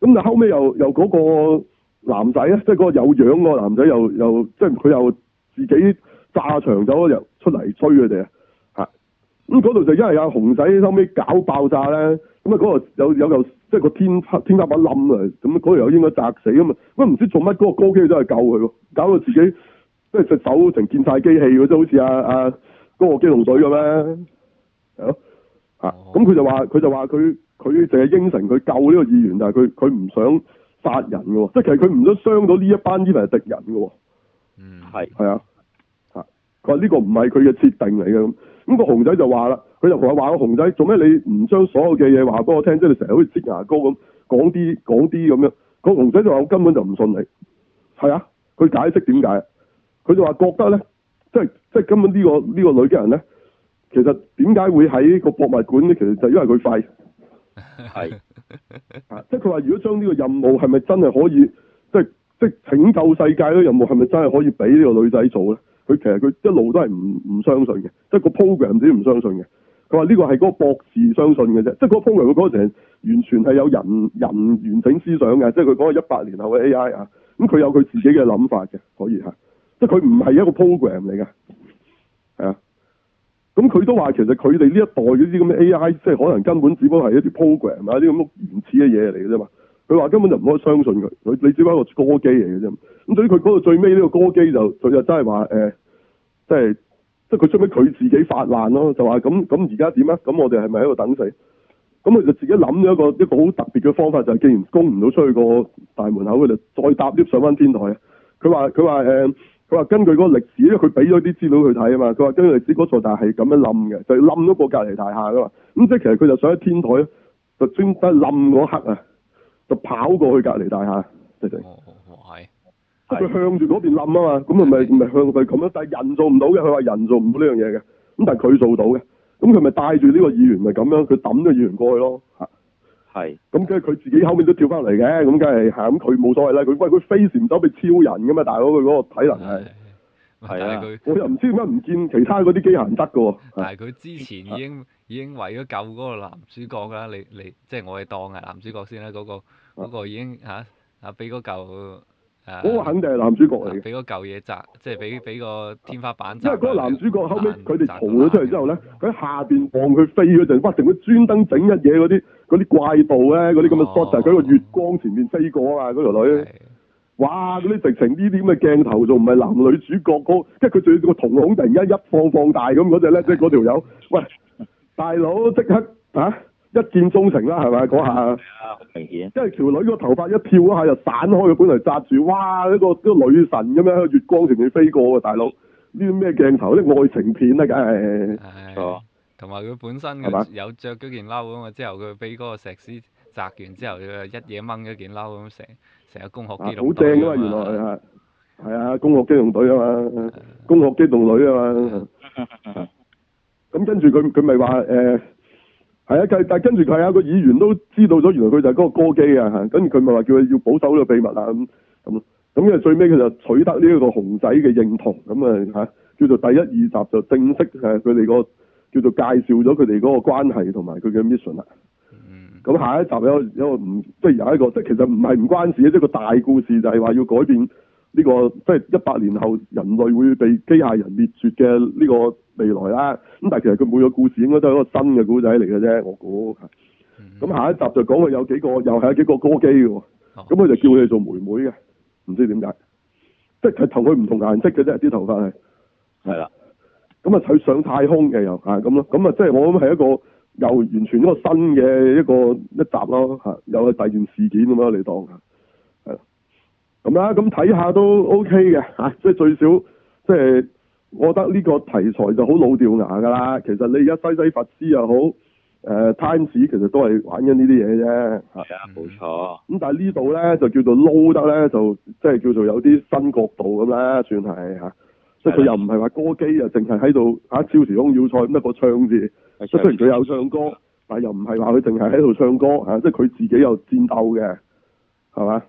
咁但後尾又又嗰個男仔咧，即係嗰個有樣個男仔又又即係佢又自己炸牆走又出嚟追佢哋啊嚇。咁嗰度就因為有紅仔後尾搞爆炸咧，咁啊嗰度有有嚿即係個天天花板冧啊，咁嗰度又應該砸死啊嘛。咁唔知做乜嗰個高基都係救佢喎，搞到自己。即係隻手成件晒機器，好似阿阿個機動隊咁。咩？係咯、哦，吓，咁佢就話佢就話佢佢淨係應承佢救呢個議員，但係佢佢唔想殺人嘅，即係其實佢唔想傷到呢一班以為係敵人喎。嗯，係係的啊，吓，佢話呢個唔係佢嘅設定嚟嘅咁。咁、個熊仔就話啦，佢就同佢話個熊仔，做咩你唔將所有嘅嘢話俾我聽？即係你成日好似擠牙膏咁講啲講啲咁樣。樣個熊仔就話我根本就唔信你，係啊，佢解釋點解？佢就話覺得咧，即係即係，根本呢個呢個女嘅人咧，其實點解會喺個博物館咧？其實就因為佢快，係 啊！即係佢話如果將呢個任務係咪真係可以，即係即拯救世界嘅任務係咪真係可以俾呢個女仔做咧？佢其實佢一路都係唔唔相信嘅，即係個 program 唔知唔相信嘅。佢話呢個係嗰個博士相信嘅啫，即係個 program 佢講成完全係有人人完整思想嘅，即係佢講係一百年後嘅 AI 啊。咁、嗯、佢有佢自己嘅諗法嘅，可以吓。啊即係佢唔係一個 program 嚟嘅，係啊，咁佢都話其實佢哋呢一代嗰啲咁嘅 AI，即係可能根本只不過係一啲 program 啊，啲咁原始嘅嘢嚟嘅啫嘛。佢話根本就唔可以相信佢，佢你只不過係個歌機嚟嘅啫。咁所以佢嗰個最尾呢個歌機就佢就真係話誒，即係即係佢出面佢自己發難咯，就話咁咁而家點啊？咁我哋係咪喺度等死？咁佢就自己諗咗一個一個好特別嘅方法，就係既然攻唔到出去個大門口，佢就再搭 lift 上翻天台。佢話佢話誒。佢話根據嗰個歷史，因為佢俾咗啲資料佢睇啊嘛。佢話根據歷史嗰座大係咁樣冧嘅，就冧咗個隔離大廈噶嘛。咁、嗯、即係其實佢就想喺天台就專登冧嗰刻啊，就跑過去隔離大廈。哦，哦，哦，係，即係佢向住嗰邊冧啊嘛。咁咪咪向佢咁樣，但係人做唔到嘅。佢話人做唔到呢樣嘢嘅。咁但係佢做到嘅。咁佢咪帶住呢個議員咪咁樣，佢揼咗議員過去咯。嚇！係，咁即係佢自己後面都跳翻嚟嘅，咁梗係係咁，佢冇所謂啦。佢喂，佢飛檐走壁超人噶嘛，大佬佢嗰個體能係，係是啊。我又唔知點解唔見其他嗰啲機械行得噶喎。但係佢之前已經、啊、已經為咗救嗰個男主角啦。你你即係、就是、我哋當係男主角先啦。嗰、那個嗰、那個已經吓吓俾嗰嚿嗰個肯定係男主角嚟。俾嗰嚿嘢砸，即係俾俾個天花板砸。因為嗰個男主角後尾佢哋逃咗出嚟之後咧，佢喺下邊望佢飛嗰陣，哇！成個專登整一嘢嗰啲。嗰啲怪盜咧，嗰啲咁嘅 shot 就喺個月光前面飛過啊！嗰、那、條、個、女，的哇！嗰啲直情呢啲咁嘅鏡頭仲唔係男女主角，即係佢最個瞳孔突然間一放放大咁嗰隻咧，即係嗰條友。喂，大佬即刻啊一見鍾情啦，係咪啊？嗰下啊，好明顯。即係條女個頭髮一跳嗰下就散開，佢本嚟紮住，哇！一、那個一、那個、女神咁樣喺月光前面飛過啊。大佬。呢啲咩鏡頭？啲、那個、愛情片啊，梗係。係的。同埋佢本身有着咗件褸咁，嘛吧，之後佢俾嗰個石獅摘完之後，佢一嘢掹咗件褸咁，成成個攻殼機動隊好正啊！啊原來嚇，係、嗯、啊，攻殼機動隊啊嘛，啊攻殼機動隊啊嘛。咁跟住佢佢咪話誒，係、呃、啊，但但跟住係啊，個議員都知道咗，原來佢就係嗰個歌姬啊嚇。跟住佢咪話叫佢要保守呢個秘密啊咁咁咁。因、嗯、為、嗯、最尾佢就取得呢一個紅仔嘅認同，咁、嗯、啊嚇叫做第一二集就正式係佢哋個。啊叫做介紹咗佢哋嗰個關係同埋佢嘅 mission 啦。咁、mm hmm. 下一集有有個唔即係有一個即係其實唔係唔關事，即、就、係、是、個大故事就係話要改變呢、這個即係、就是、一百年後人類會被機械人滅絕嘅呢個未來啦。咁但係其實佢每個故事應該都係一個新嘅古仔嚟嘅啫，我估。咁、mm hmm. 下一集就講佢有幾個又係有幾個歌姬嘅，咁佢、mm hmm. 就叫佢哋做妹妹嘅，唔知點解，即、就、係、是、同佢唔同顏色嘅啫，啲頭髮係係啦。咁啊，佢上太空嘅又嚇咁咯，咁啊即係我諗係一個又完全一個新嘅一個一集咯嚇，又係第二件事件咁樣你當嚇，係啦，咁啦，咁睇下都 OK 嘅嚇，即係最少即係我覺得呢個題材就好老掉牙噶啦，其實你而家西西佛斯又好，誒、呃、Times 其實都係玩緊、嗯啊、呢啲嘢啫嚇，冇錯。咁但係呢度咧就叫做撈得咧，就即係叫做有啲新角度咁啦，算係嚇是即係佢又唔係話歌姬啊，淨係喺度啊超時空要塞咁一個唱字，即的雖然佢有唱歌，是的但係又唔係話佢淨係喺度唱歌吓、啊，即係佢自己又戰鬥嘅，係嘛？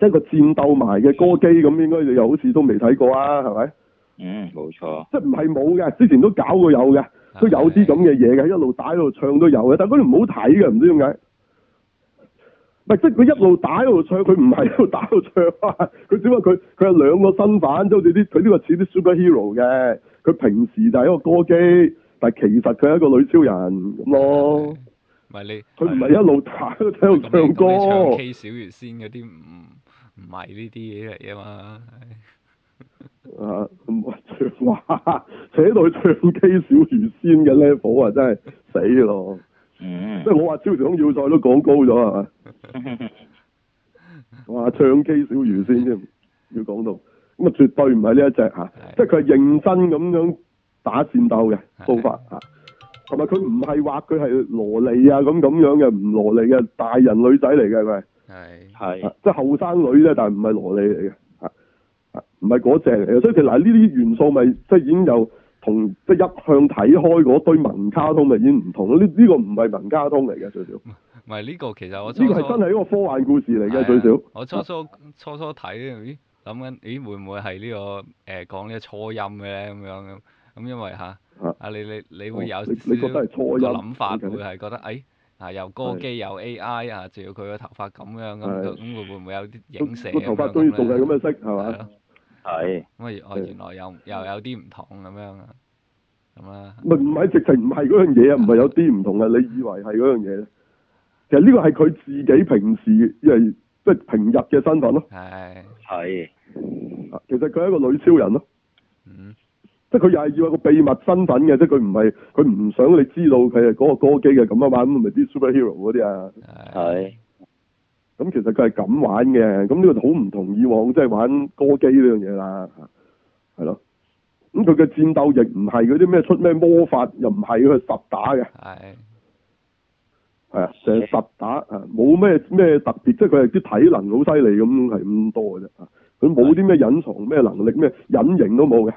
即係個戰鬥埋嘅歌姬咁，應該你又好似都未睇過啊？係咪？嗯，冇錯。即係唔係冇嘅，之前都搞過有嘅，都有啲咁嘅嘢嘅，一路打喺度唱都有嘅，但係嗰啲唔好睇嘅，唔知點解。唔係，即係佢一路打一路唱，佢唔係一路打一路唱啊！佢只不過佢佢有兩個身板，即好似啲佢呢個似啲 superhero 嘅，佢平時就係一個歌姬，但係其實佢係一個女超人咁咯。唔係你，佢唔係一路打，是是打一路唱歌。是是唱 K 小魚仙嗰啲唔唔係呢啲嘢嚟啊嘛。是 啊，唔係唱話寫到去唱 K 小魚仙嘅 level 啊，真係死咯！嗯，即係我話超時空要塞都講高咗係嘛，話 唱 K 小魚先啫，要講到咁啊，絕對唔係呢一隻吓，即係佢係認真咁樣打戰鬥嘅步伐吓，同埋佢唔係話佢係蘿莉啊咁咁樣嘅，唔蘿莉嘅大人女仔嚟嘅，係咪？係係，即係後生女啫，但係唔係蘿莉嚟嘅，吓吓，唔係嗰隻嚟嘅，所以其實呢啲元素咪即係已經有。同即係一向睇開嗰堆文卡通，就已經唔同呢呢、呢個唔係文卡通嚟嘅最少。唔係呢個，其實我呢個真係一個科幻故事嚟嘅、啊、最少。我初初初初睇，咦諗緊，咦、欸、會唔會係呢、呢個誒、欸、講呢初音嘅咧咁樣咁？因為吓，啊，啊你你你會有、哦、你，你覺得係初音嘅諗法，會係覺得哎、欸、啊又歌姬又 AI 啊，仲要佢個頭髮咁樣咁咁、啊，會唔會有啲影射嘅咁樣頭髮仲係仲係咁樣，樣色係嘛？係我原原來有又，的又有啲唔同咁樣，咁啦是。唔係直情唔係嗰樣嘢啊，唔係有啲唔同啊！的你以為係嗰樣嘢咧？其實呢個係佢自己平時即係即係平日嘅身份咯。係係的。的其實佢係一個女超人咯。嗯。即係佢又係要有個秘密身份嘅，即係佢唔係佢唔想你知道佢係嗰個歌姬嘅咁啊嘛，咁咪啲 superhero 嗰啲啊。係的。咁其實佢係咁玩嘅，咁、這、呢個好唔同以往，即係玩歌姬呢樣嘢啦，係咯。咁佢嘅戰鬥亦唔係嗰啲咩出咩魔法，又唔係去實打嘅，係係啊，成實打啊，冇咩咩特別，即係佢係啲體能好犀利咁，係咁多嘅啫。佢冇啲咩隱藏咩的能力，咩隱形都冇嘅，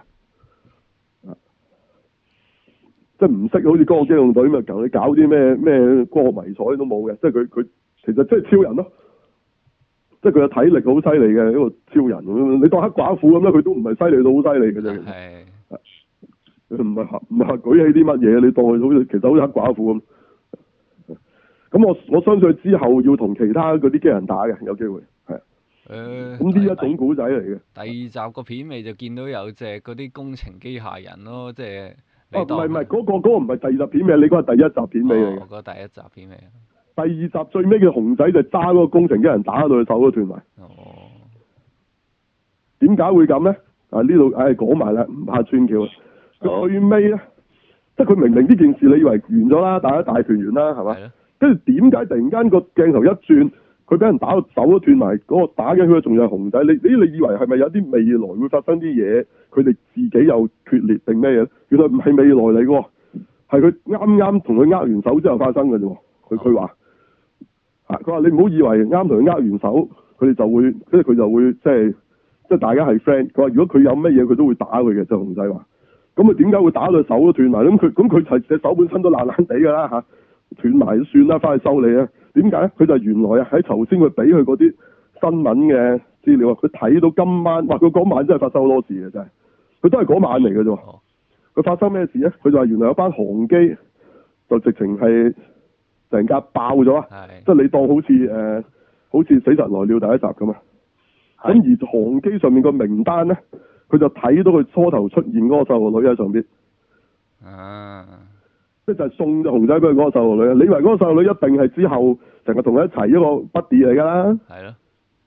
即係唔識好似《攻殼機動隊》咁啊，教你搞啲咩咩光迷彩都冇嘅，即係佢佢其實真係超人咯。即係佢嘅體力好犀利嘅，一個超人咁樣。你當黑寡婦咁樣，佢都唔係犀利到好犀利嘅啫。係。佢唔係合唔係舉起啲乜嘢？你當佢好似其實好似黑寡婦咁。咁我我相信之後要同其他嗰啲機人打嘅，有機會係。誒，咁呢、呃、一種古仔嚟嘅。第二集個片尾就見到有隻嗰啲工程機械人咯，即係、啊。啊唔係唔係，嗰、嗰個、嗰個唔係第二集片尾，你、嗰、嗰、個哦嗰個第一集片尾嚟嘅。我覺得第一集片尾。第二集最尾嘅熊仔就揸嗰個工程，俾人打到佢手都斷埋。哦，點解會咁咧？啊、哎 oh. 呢度唉講埋啦，唔怕穿橋。最尾咧，即係佢明明呢件事，你以為完咗啦，大家大團圓啦，係嘛？跟住點解突然間個鏡頭一轉，佢俾人打到手都斷埋，嗰、嗰個打緊佢仲有熊仔。你你你以為係咪有啲未來會發生啲嘢？佢哋自己又決裂定咩嘢？原來唔係未來嚟嘅，係佢啱啱同佢握完手之後發生嘅啫。佢佢話。佢話佢話：你唔好以為啱同佢握完手，佢哋就，就會，即係佢就會即係即係大家係 friend。佢話：如果佢有乜嘢，佢都會打佢嘅。就唔使話：咁佢點解會打到手都斷埋？咁佢咁佢係隻手本身都爛爛地㗎啦嚇，斷埋都算啦，翻去修理啊？點解？佢就係原來啊喺頭先佢俾佢嗰啲新聞嘅資料，佢睇到今晚，哇！佢嗰晚真係發生好多事嘅真係，佢都係嗰晚嚟嘅啫。佢發生咩事咧？佢就話原來有班航機就直情係。成架爆咗啊！即係你當好似誒、呃，好似《死神來了》第一集咁啊。反的而航機上面個名單咧，佢就睇到佢初頭出現嗰個細路女喺上邊。啊！即係就係送隻熊仔俾嗰個細路女。你以為嗰個細路女一定係之後成日同佢一齊一個 body 嚟噶啦？係咯的。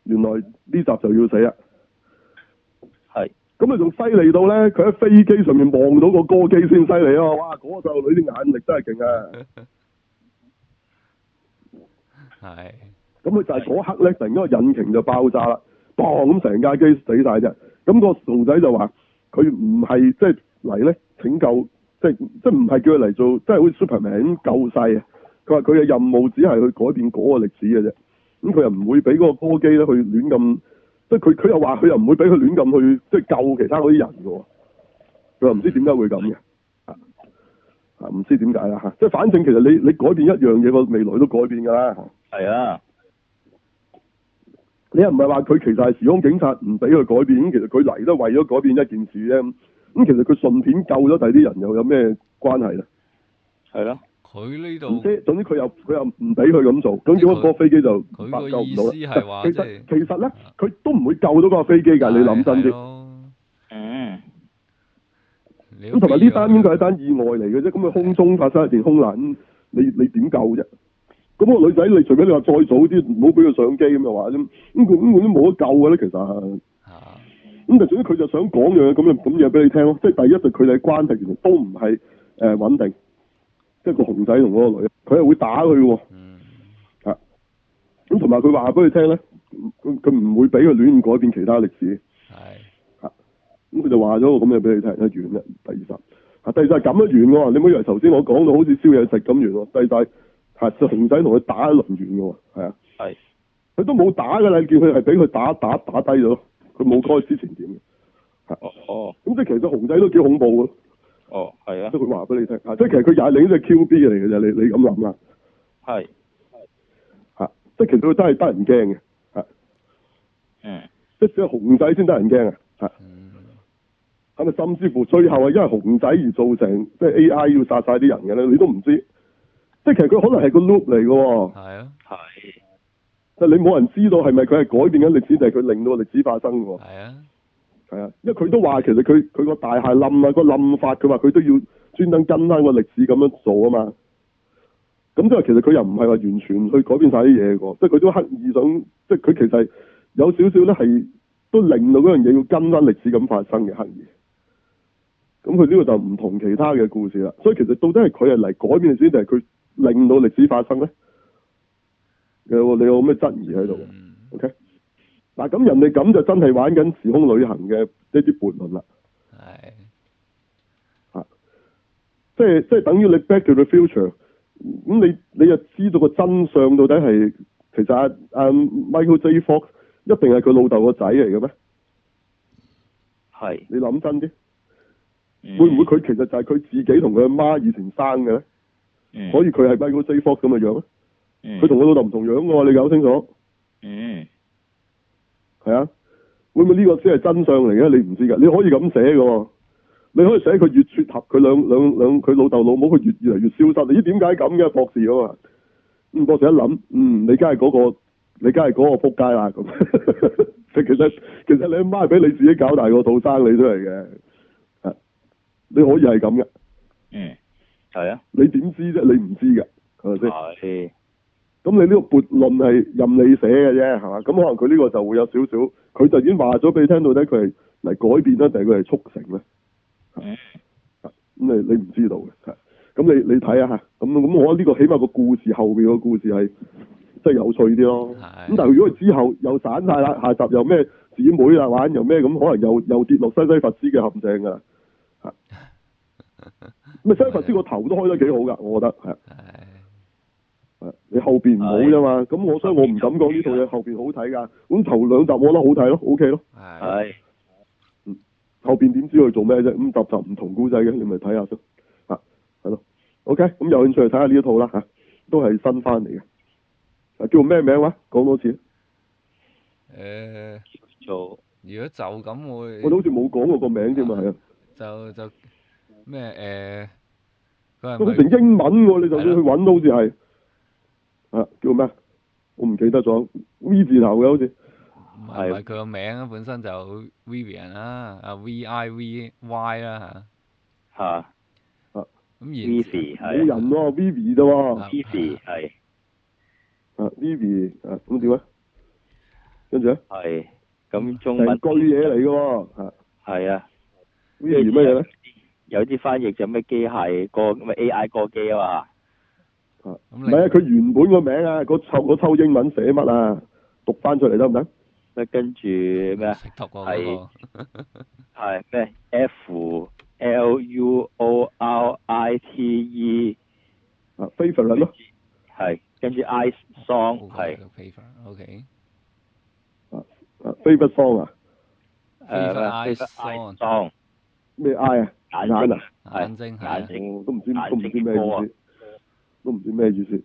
原來呢集就要死啦。係的。咁你仲犀利到咧，佢喺飛機上面望到那個歌姬先犀利啊。哇，嗰、那個細路女啲眼力真係勁啊！ 係，咁佢是就係嗰刻咧，突然間個引擎就爆炸啦 bang 咁成架機死晒。啫。咁、個傻仔就話佢唔係即係嚟咧拯救，即係即係唔係叫佢嚟做，即、就、係、是、好似 Superman 咁救世啊。佢話佢嘅任務只係去改變嗰個歷史嘅啫。咁佢又唔會俾嗰個波機咧去亂咁，即係佢佢又話佢又唔會俾佢亂咁去即係、就是、救其他嗰啲人嘅。佢又唔知點解會咁嘅，啊唔知點解啦吓。即係反正其實你你改變一樣嘢，個未來都改變噶啦。係啊，你又唔係話佢其實係時空警察，唔俾佢改變。咁其實佢嚟,都為咗改變一件事啫。咁其實佢順便救咗第啲人，又有咩關係咧？係咯，佢呢度，總之佢又佢又唔俾佢咁做。咁如果個飛機就佢救唔到啦。其實其實咧，佢都唔會救到嗰個飛機噶。啊、你諗真啲。咁同埋呢單應該係單意外嚟嘅啫。咁佢、啊、空中發生一件空難，你你點救啫？咁個女仔，你除非你話再早啲，唔好俾佢相機咁就話咁咁咁，佢根本都冇得救嘅咧。其實，咁但係，總之佢就想講樣咁咁嘢俾你聽咯。即係第一，就佢哋關係原來都唔係誒穩定，即係個熊仔同嗰個女，佢又會打佢喎。吓，咁同埋佢話俾你聽咧，佢佢唔會俾佢亂改變其他歷史。係吓咁，佢就話咗咁嘢俾你聽。完啦，第二集。啊，第二集咁樣完喎。你唔好以為頭先我講到好似宵夜食咁完喎。第啊！熊仔同佢打一輪完嘅，係啊，係佢的都冇打噶啦，你叫佢係俾佢打打打低咗佢冇開始情點嘅。哦哦，咁即係其實熊仔都幾恐怖嘅。哦係啊的，即係佢話俾你聽，啊的，即係其實佢又係另一隻 Q B 嚟嘅啫，你你咁諗啦，係吓，即係其實佢真係得人驚嘅，吓，嗯，即係熊仔先得人驚啊，吓，係咪、嗯、甚至乎最後係因為熊仔而造成即係、就是、A I 要殺晒啲人嘅咧？你都唔知。嗯即係其實佢可能係個 loop 嚟嘅，係啊，係啊。即係你冇人知道係咪佢係改變緊歷史，定係佢令到個歷史發生嘅？係啊，係啊。因為佢都話其實佢佢個大廈冧啊，個冧法佢話佢都要專登跟翻個歷史咁樣做啊嘛。咁即係其實佢又唔係話完全去改變晒啲嘢個，即係佢都刻意想，即係佢其實有少少咧係都令到嗰樣嘢要跟翻歷史咁發生嘅，刻意。咁佢呢個就唔同其他嘅故事啦。所以其實到底係佢係嚟改變歷史，定係佢？令到歷史發生咧，你你有咩質疑喺度、嗯、？OK，嗱咁人哋咁就真係玩緊時空旅行嘅一啲悖論啦。係是，吓、啊，即係即係等於你 back to the future，咁你你又知道個真相到底係其實阿、啊啊、Michael J. Fox 一定係佢老豆個仔嚟嘅咩？係是，你諗真啲，嗯、會唔會佢其實就係佢自己同佢媽以前生嘅咧？可以他是樣的樣子，佢係、嗯、咪個 Michael J. Fox 咁嘅樣啊！佢同佢老豆唔同樣嘅，你搞清楚。嗯，係啊，會唔會呢個先係真相嚟嘅？你唔知噶，你可以咁寫嘅，你可以寫佢越撮合佢兩兩兩佢老豆老母，佢越嚟越，越消失。你點解咁嘅博士咁啊？博士一諗，嗯，你梗係嗰個，你梗係個仆街啦。咁其實其實你阿媽係俾你自己搞大個肚生你出嚟嘅，你可以係咁嘅。嗯。係啊，你點知啫？的你唔知噶，係咪先？咁你呢個悖論係任你寫嘅啫，係嘛？咁可能佢呢個就會有少少，佢就已經話咗俾你聽到底，佢係嚟改變咧，定係佢係促成咧？咁的你你唔知道嘅，咁你你睇下吓，咁咁我呢個起碼個故事後邊個故事係真係有趣啲咯。咁的但係如果之後又散晒啦，下集又咩姊妹啦，玩又咩咁，可能又又跌落西西佛斯嘅陷阱啊！啊。咪西佛師個頭都開得幾好噶，我覺得係。係。的的你後邊唔好啫嘛。咁的我所以我唔敢講呢套嘢的後邊好睇噶。咁頭兩集我覺得好睇咯，OK 咯。係的。的嗯，後邊點知佢做咩啫？咁集集唔同故仔嘅，你咪睇下先，啊，係咯。OK，咁有興趣嚟睇下呢一套啦吓，都係新翻嚟嘅。啊，叫咩名話？講多次。誒、呃，做。如果就咁會。我哋好似冇講過個名添嘛。係啊、呃。就就。咩誒？都成英文喎！你就算去搵都好似係啊，叫咩？我唔記得咗，V 字頭嘅好似。唔係佢個名啊，本身就 Vivian 啦，啊 V I V Y 啦吓。吓。啊。咁而冇人喎，Vivy 啫喎。Vivy 係。啊，Vivy 啊，咁點咧？跟住咧。係。咁仲。句嘢嚟㗎。係。係啊。呢係乜嘢咧？有啲翻譯就咩機械個咁嘅 A I 過機啊嘛，唔係啊，佢原本個名啊，嗰抽嗰抽英文寫乜啊，讀翻出嚟得唔得？咩跟住咩係係咩 F L U O R I T E 啊，Favorite 咯，係跟住 I Song 係 Favorite，OK，啊啊 Favorite Song 啊，誒 I Song 咩 I 啊？眼啊，眼睛眼睛，都唔知都唔知咩意思，啊、都唔知咩意思。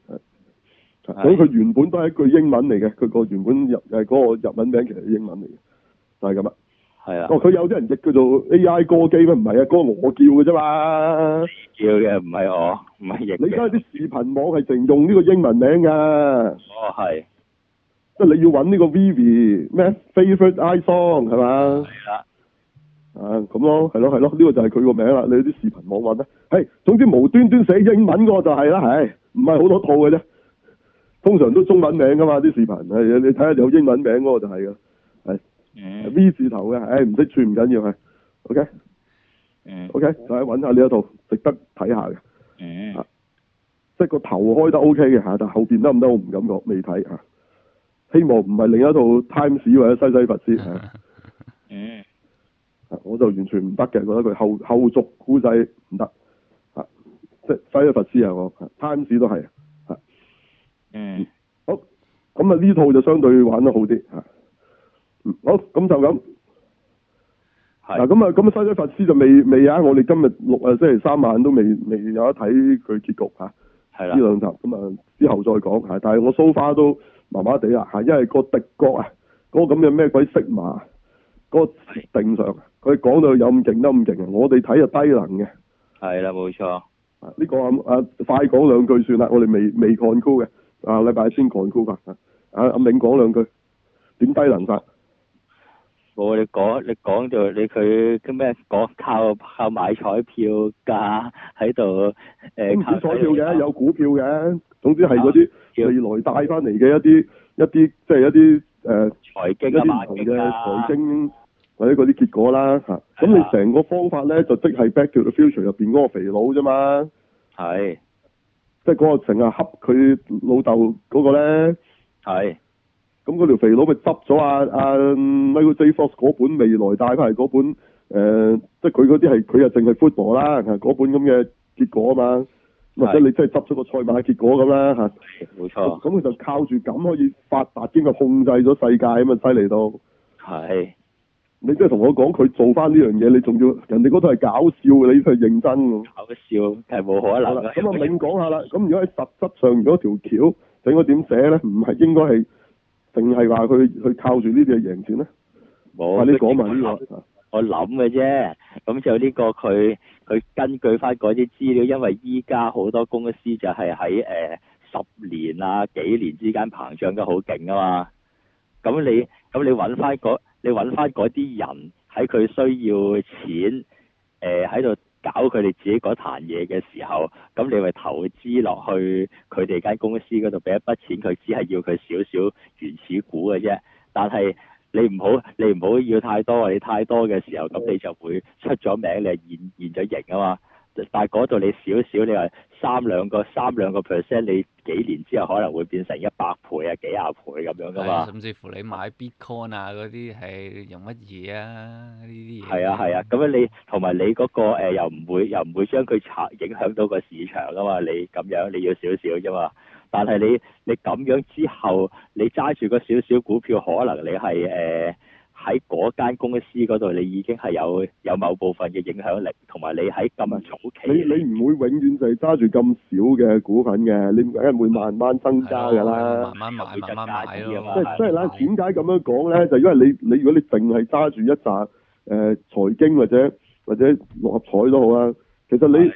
咁佢是的 原本都係一句英文嚟嘅，佢個原本入係嗰個日文名其實英文嚟嘅，就係咁啦。係啊，的哦，佢有啲人譯叫做 AI 歌姬咩？唔係啊，嗰、那個我叫嘅啫嘛。叫嘅唔係我，唔係譯嘅。而家啲視頻網係淨用呢個英文名噶。哦，係。即係你要搵呢個 Vivy 咩 Fluorite Eye's Song 係嘛？係啦。咁、啊、咯，係咯，係咯，呢、這個就係佢個名啦。你啲視頻網搵，咧，係，總之無端端寫英文嗰個就係啦，係，唔係好多套嘅啫。通常都中文名噶嘛，啲視頻係，你睇下有英文名嗰個就係噶，係 Yeah. V 字頭嘅，唉，唔識串唔緊要 Yeah. 啊。OK，OK 就去揾下呢一套值得睇下嘅，即係個頭開得 OK 嘅吓，但後邊得唔得我唔感覺，未睇、啊、希望唔係另一套 Times 或者西西佛斯 Yeah. Yeah. 我就完全唔得嘅，覺得佢後後續估仔唔得，啊，即係西西佛斯啊，我，攤子都係，啊，嗯，好，咁啊呢套就相對玩得好啲，啊，嗯，好，咁就咁，係是的、啊，嗱咁啊咁啊西西佛斯就未未啊，我哋今日六啊星期三晚都未未有得睇佢結局吓，係啦，呢兩是的 集咁啊之後再講，係，但係我蘇、so、花都麻麻地啦，吓，因為個敵國啊，嗰、那個咁嘅咩鬼色馬。嗰個正常，佢講到有咁勁都咁勁嘅，我哋睇就低能嘅。係啦，冇錯。呢、啊這個阿阿、啊、快講兩句算啦，我哋未未看酷嘅，啊禮拜先看酷㗎。啊阿、啊、明講兩句，點低能法？我哋講你講就你佢跟咩講靠靠，靠買彩票㗎喺度誒。呃嗯、彩票嘅，有股票嘅，總之係嗰啲未來帶翻嚟嘅一啲、嗯、一啲即係一啲。誒，財、啊、經啲唔、啊、同嘅財經或者嗰啲結果啦吓，咁、啊、你成個方法咧就即係 back to the future 入邊嗰個肥佬啫嘛，係是，即係嗰個成日恰佢老豆嗰個咧，係是，咁嗰條肥佬咪執咗阿阿 Michael J. Fox 嗰本未來大派嗰本誒，即係佢嗰啲係佢又淨係 football 啦，嗰本咁嘅結果啊嘛。是或者你真係執出個賽馬結果咁啦吓，冇錯。咁佢就靠住咁可以發達，兼個控制咗世界咁啊，犀利到。係是。你即係同我講佢做翻呢樣嘢，你仲要人哋嗰度係搞笑嘅，你都係認真嘅。搞笑，係冇可能嘅。咁我明講下啦。咁如果喺實質上，如果條橋點解點寫咧？唔係應該係淨係話佢去靠住呢啲去贏錢咧？冇沒。但你講埋呢個。我諗嘅啫，咁就呢個佢。佢根據翻嗰啲資料，因為依家好多公司就係喺誒十年啊幾年之間膨脹得好勁啊嘛，咁你咁你揾翻嗰你揾翻啲人喺佢需要錢誒喺度搞佢哋自己嗰壇嘢嘅時候，咁你咪投資落去佢哋間公司嗰度俾一筆錢，佢只係要佢少少原始股嘅啫，但係。你唔好，你唔好要，要太多啊！你太多嘅時候，咁你就會出咗名，你現現咗形啊嘛！但係嗰度你少少，你話三兩個、三兩個 percent，你幾年之後可能會變成一百倍啊、幾十倍咁樣噶嘛、哎？甚至乎你買 bitcoin 啊嗰啲，係用乜嘢啊？呢啲係啊係啊，咁樣、啊啊啊、你同埋你嗰、嗰個、呃、又唔會又唔會將佢殘影響到個市場啊嘛？你咁樣你要少少啫嘛。但係你你咁樣之後，你揸住嗰少少股票，可能你係誒喺嗰間公司嗰度，你已經係有有某部分嘅影響力，同埋你喺咁早期，你你唔會永遠就係揸住咁少嘅股份嘅，你梗係會慢慢增加㗎啦，慢慢買，值值嘛慢慢買咯。即即係啦，點解咁樣講咧？就係、因為你你如果你淨係揸住一紮誒、呃、財經或者或者六合彩都好啊，其實你。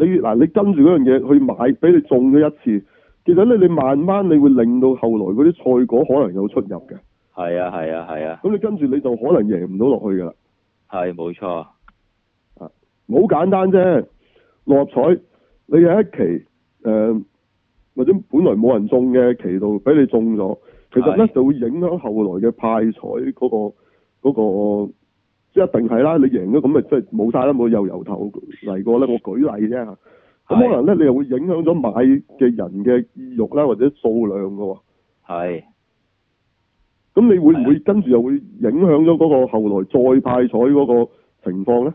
你嗱，你跟住嗰樣嘢去買，俾你中咗一次，其實咧，你慢慢你會令到後來嗰啲菜果可能有出入嘅。係啊，係啊，係啊。咁你跟住你就可能贏唔到落去噶啦。係，冇錯。啊，好簡單啫。六合彩，你有一期，誒、呃、或者本來冇人中嘅期度俾你中咗，其實咧是就會影響後來嘅派彩嗰個嗰個。嗰個即一定係啦，你贏咗咁咪即係冇晒啦，冇又由頭嚟過咧。我舉例啫，咁可能咧你又會影響咗買嘅人嘅意欲啦，或者數量噶喎。係的。咁你會唔會跟住又會影響咗嗰個後來再派彩嗰個情況咧？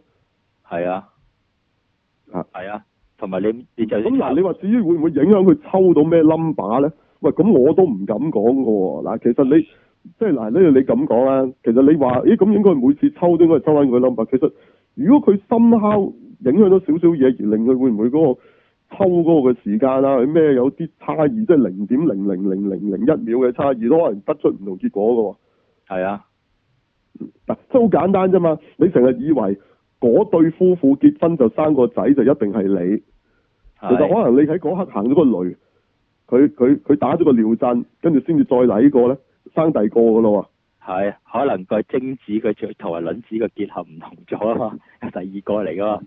係啊。啊。係啊。同埋你，你就咁嗱？你話至於會唔會影響佢抽到咩 number 咧？喂，咁我都唔敢講噶喎。嗱，其實你。即係嗱，呢度你咁講啦，其實你話，咦，咁應該每次抽都應該抽翻佢啦。其實如果佢深敲影響咗少少嘢，而令佢會唔會嗰個抽嗰個嘅時間啊，咩有啲差異，即係零點零零零零零一秒嘅差異，都可能得出唔同結果噶。係啊，嗱，即係好簡單啫嘛。你成日以為嗰對夫婦結婚就生個仔就一定係你，是其實可能你喺嗰刻行咗個雷，佢佢佢打咗個尿震，跟住先至再嚟呢個咧。生第二個噶咯喎，係可能個精子佢同同埋卵子個結合唔同咗啊嘛，係第二個嚟噶嘛，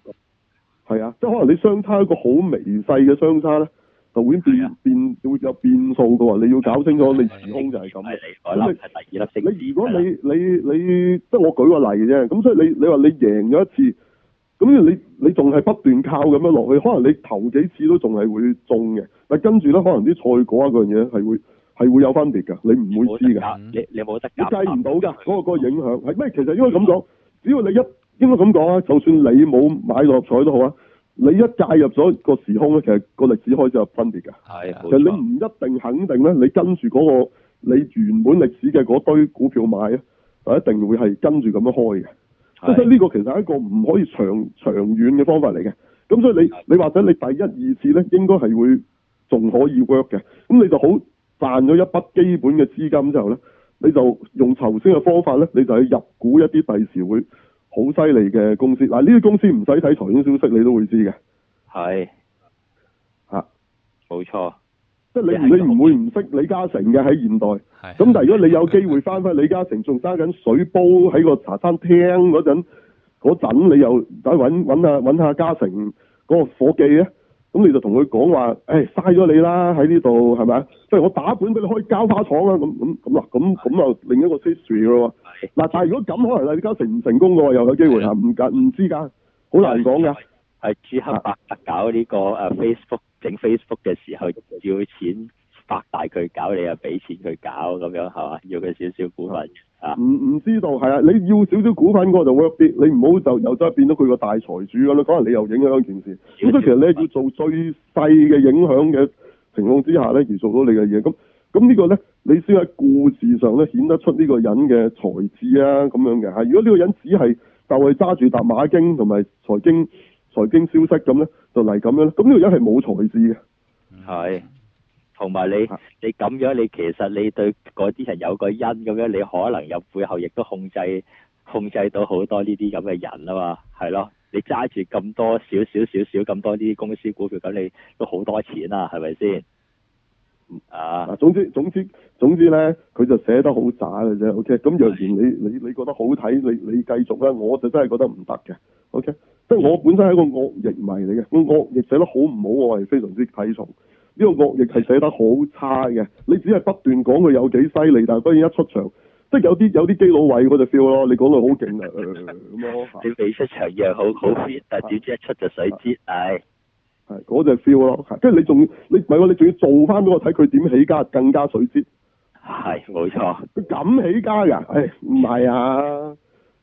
係啊，即係、 啊、可能你相差一個好微細嘅相差咧，就會變、啊、變會有變數噶喎，你要搞清楚，啊、你時空就係咁，咁你你如果你你是、啊、你即係我舉個例嘅啫，咁所以你你話你贏咗一次，咁你你仲係不斷靠咁樣落去，可能你頭幾次都仲係會中嘅，但跟住咧可能啲菜果啊嗰樣嘢係會。係會有分別噶你唔會知噶你你冇得計唔到噶嗰、嗰個、嗰個影響係咩？其實應該咁講，只要你一應該咁講啊，就算你冇買六合彩都好啊，你一介入咗個時空咧，其實個歷史開始有分別噶。係、啊，其實你唔一定肯定咧，你跟住嗰個你原本歷史嘅嗰堆股票買啊，就一定會係跟住咁樣開嘅。即係呢個其實係一個唔可以長長遠嘅方法嚟嘅。咁所以你你或者你第一、嗯、二次咧，應該係會仲可以 work 嘅。咁你就好。賺咗一筆基本嘅資金之後呢，你就用頭先嘅方法呢，你就去入股一啲第時會好犀利嘅公司。嗱，呢啲公司唔使睇財經消息，你都會知嘅。係，吓，冇錯，啊。即係你唔會唔識李嘉誠嘅喺現代。咁但係如果你有機會翻返李嘉誠仲揸緊水煲喺個茶餐廳嗰陣嗰陣，你又等揾揾下揾下嘉誠嗰個伙計？咁你就同佢講話，誒嘥咗你啦喺呢度係咪啊？不如、即係、我打本俾你開膠花廠啦咁咁咁啦，咁咁又另一個 history 咯喎。嗱的，但係如果咁，可能你而家成唔成功嘅又有機會啊？唔緊，唔知㗎，好難講㗎。係朱克伯格搞呢個 Facebook 整 Facebook 嘅時候，要錢發錢，要錢發大佢搞，你又俾錢佢搞，咁樣係嘛？要佢少少股份。唔唔、啊、知道，係啊，你要少少股份嗰就 work 啲，你唔好就又再變到佢個大財主咁樣，可能你又影響件事。咁所以其實你係要做最細嘅影響嘅情況之下咧，而做到你嘅嘢。咁咁呢個咧，你先喺故事上咧顯得出呢個人嘅才智啊，咁樣嘅吓。如果呢個人只係就係揸住踏馬經同埋財經財經消息咁咧，就嚟咁樣咧，咁呢個人係冇才智嘅。係、嗯。同埋你你咁樣，你其實你對嗰啲人有個因咁樣，你可能有背後亦都控制控制到好多呢啲咁嘅人啊嘛，係咯？你揸住咁多少少少少咁多呢啲公司股票，咁你都好多錢啊？係咪先？啊，總之總之總之咧，佢就寫得好渣嘅啫。O K，咁若然，你你你覺得好睇，你你繼續啦。我就真係覺得唔得嘅。O K，即係我本身係一個惡役迷嚟嘅，惡役寫得好唔好，我係非常之睇重。呢個惡役係寫得好差嘅，你只係不斷講佢有幾犀利，但係當然一出場，即係有啲有啲基佬位我就笑咯、嗯。你講佢好勁啊，你未出場已經好好 fit，是但係點知一出就水擠，係係嗰就笑咯。跟、嗰、住、個、你仲你唔係你仲要做翻俾我睇佢點起家，更加水擠。係冇錯，佢咁起家㗎，係唔係啊？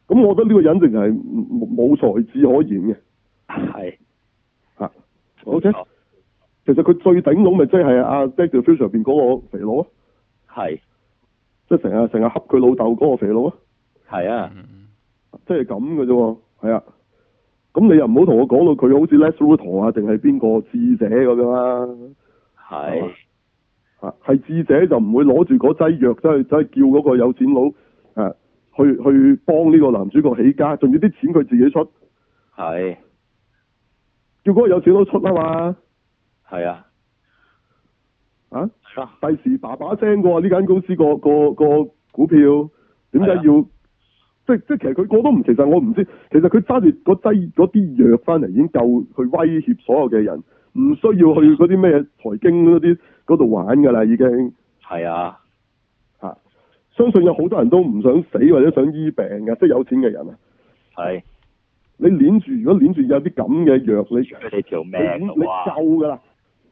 咁我覺得呢個人仲係冇才智可言嘅。係嚇是，好嘅。Okay? 其實佢最頂籠咪即係阿 Doctor Strange 上邊嗰個肥佬啊，係，即係成日成日恰佢老豆嗰個肥佬啊，係啊，即係咁嘅啫，係啊，咁你又唔好同我講到佢好似 Lex Luthor 啊，定係邊個智者咁樣啦，係，啊係智者就唔會攞住嗰劑藥，即係係叫嗰個有錢佬，誒、啊，去去幫呢個男主角起家，仲要啲錢佢自己出，係是，叫嗰個有錢佬出啊嘛。係啊，啊，第時叭叭聲嘅喎，呢間公司的個個個股票，點解要？啊、即即其實佢我都唔其實我唔知，其實佢揸住劑嗰啲藥翻嚟已經夠去威脅所有嘅人，唔需要去嗰啲咩財經嗰啲度玩噶啦，已經。係啊，吓、啊，相信有好多人都唔想死或者想醫病嘅，即係有錢嘅人。是啊，係，你捻住如果捻住有啲咁嘅藥，你你條命就哇。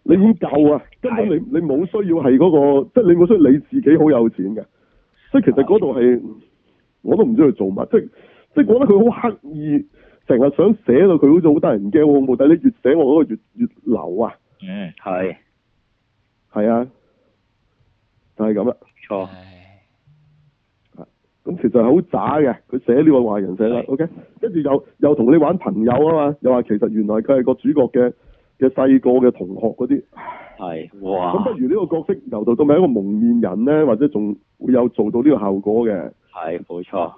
你已經夠啊，根本你你冇需要係嗰、嗰個，是的即係你冇需要你自己好有錢嘅，即係其實嗰度係我都唔知佢做乜，即係、嗯、即係覺得佢好刻意，成日想寫到佢好似好得人驚恐冇但你越寫我嗰個越越流啊，嗯係係啊，就係咁啦，錯的，咁的其實係好渣嘅，佢寫呢個壞人寫啦的，OK，跟住又又同你玩朋友啊嘛，又話其實原來佢係個主角嘅。嘅細個嘅同學嗰啲係哇，咁不如呢個角色由頭到尾一個蒙面人，咧，或者仲會有做到呢個效果嘅，係冇錯。錯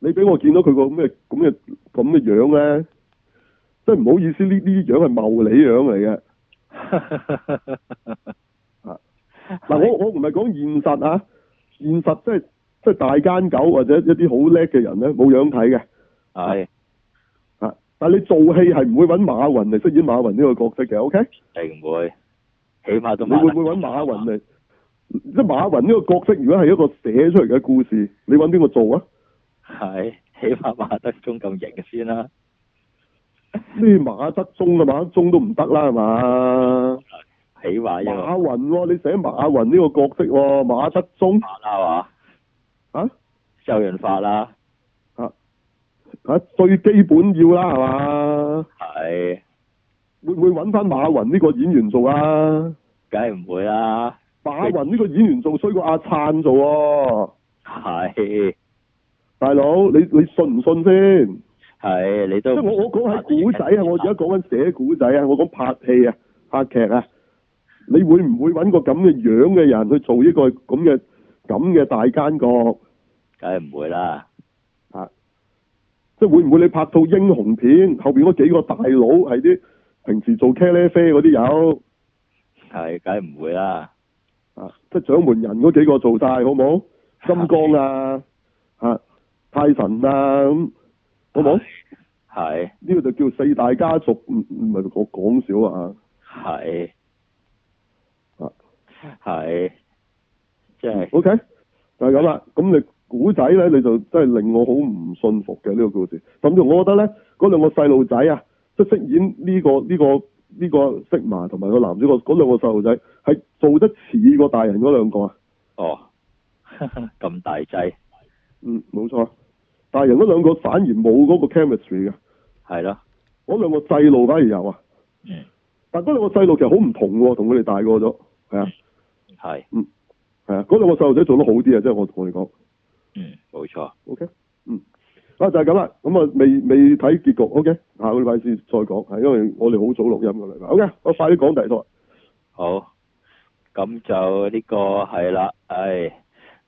你俾我見到佢個咩咁嘅咁嘅樣咧，真係唔好意思，呢啲樣係茂你樣嚟嘅。嗱，我我唔係講現實啊，現實即係即係大奸狗或者一啲好叻嘅人咧，冇樣睇嘅。係。你做戲係唔會揾馬雲嚟飾演馬雲呢個角色嘅，OK？係唔會，起碼都中中你會會。你會唔會揾馬雲嚟、啊？即 係馬雲呢個角色，如果係一個寫出嚟嘅故事，你揾邊個做啊？係，起碼馬德鐘咁型先啦。連馬德鐘啊，馬德鐘都唔得啦，係嘛？起碼。馬雲喎，你寫馬雲呢個角色喎，馬德鐘。馬啦嘛？啊？周潤發啦。啊，最基本要啦，係嘛是？係會唔會揾翻馬雲呢個演員做啊？梗係唔會啦！馬雲呢個演員做衰過阿燦做啊。係是，大佬，你不信不你信唔信先？係你都即我我講係古仔啊！我而家講緊寫古仔啊！我講拍戲啊、拍劇啊，你會唔會揾個咁嘅樣嘅人去做呢個咁嘅咁嘅大奸角？梗係唔會啦！會唔會你拍套英雄片？後邊嗰幾個大佬係啲平時做茄喱啡嗰啲有？係，梗係唔會啦。啊，即係掌門人嗰幾個做晒，好冇？金剛啊，吓是、啊，泰神啊，咁好冇？係，呢個就叫四大家族，唔係我講笑啊？係，啊，係，即係。OK，就係咁啦。咁是你。古仔咧，你就真係令我好唔信服嘅呢個故事。甚至我覺得咧，嗰兩個細路仔啊，即係飾演呢個呢個呢個色盲同埋個男主角嗰兩個細路仔，係做得似個大人嗰兩個啊。哦，咁大仔？嗯，冇錯。大人嗰兩個反而冇嗰個 chemistry 嘅。係咯的。嗰兩個細路反而有啊。嗯。但係嗰兩個細路其實好唔同喎，同佢哋大個咗，係啊。係是。嗯。係啊，嗰兩個細路仔做得好啲啊，即係我同你講。嗯，冇錯，OK，嗯，啊就係咁啦，咁啊未未睇結局，OK，下個禮拜先再講，係因為我哋好早錄音㗎喇，OK，我快啲講第二套，好，咁就呢個係啦，係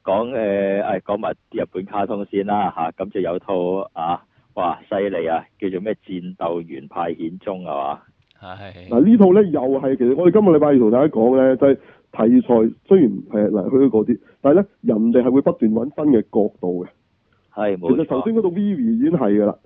講誒，係講埋日本卡通先啦，吓，咁就有套啊，哇，犀利啊，叫做咩？戰鬥員派遣中係嘛，係，嗱呢套咧又係，其實我哋今個禮拜要同大家講咧，就係。題材雖然係嚟，去嗰啲，但係咧，人哋係會不斷揾新嘅角度嘅。係冇錯。其實頭先嗰套 Vivy 已經係噶啦，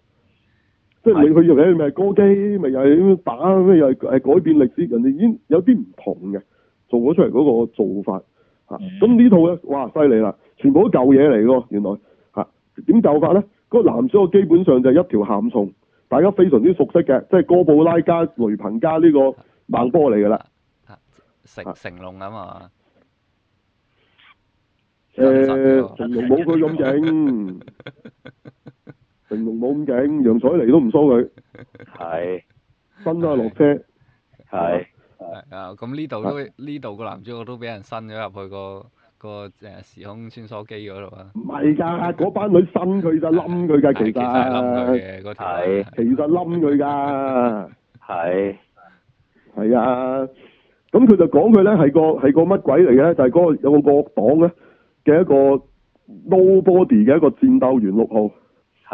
是即係你佢入邊咪係歌姬，咪又係打，咩又係誒改變歷史，人哋已經有啲唔同嘅，做咗出嚟嗰個做法。吓、嗯，咁呢套咧，哇，犀利啦！全部都舊嘢嚟噶，原來吓，點舊法咧？嗰、那個男主角基本上就係一條咸蟲，大家非常之熟悉嘅，即係哥布拉加雷鵬加呢個孟波嚟噶啦。成成龍啊嘛，誒，成龍冇佢咁勁，成龍冇咁勁，楊采妮都唔騷佢，係，分咗落車，係，啊，咁呢度都呢度個男主角都俾人伸咗入去個個誒時空穿梭機嗰度啊，唔係噶，嗰班女伸佢噶，冧佢噶，其實，其實冧佢嘅，個係，其實冧佢噶，係，係啊。咁佢就講佢咧係個係個乜鬼嚟嘅？就係嗰個有個惡黨嘅嘅一個 Nobody 嘅一個戰鬥員六號。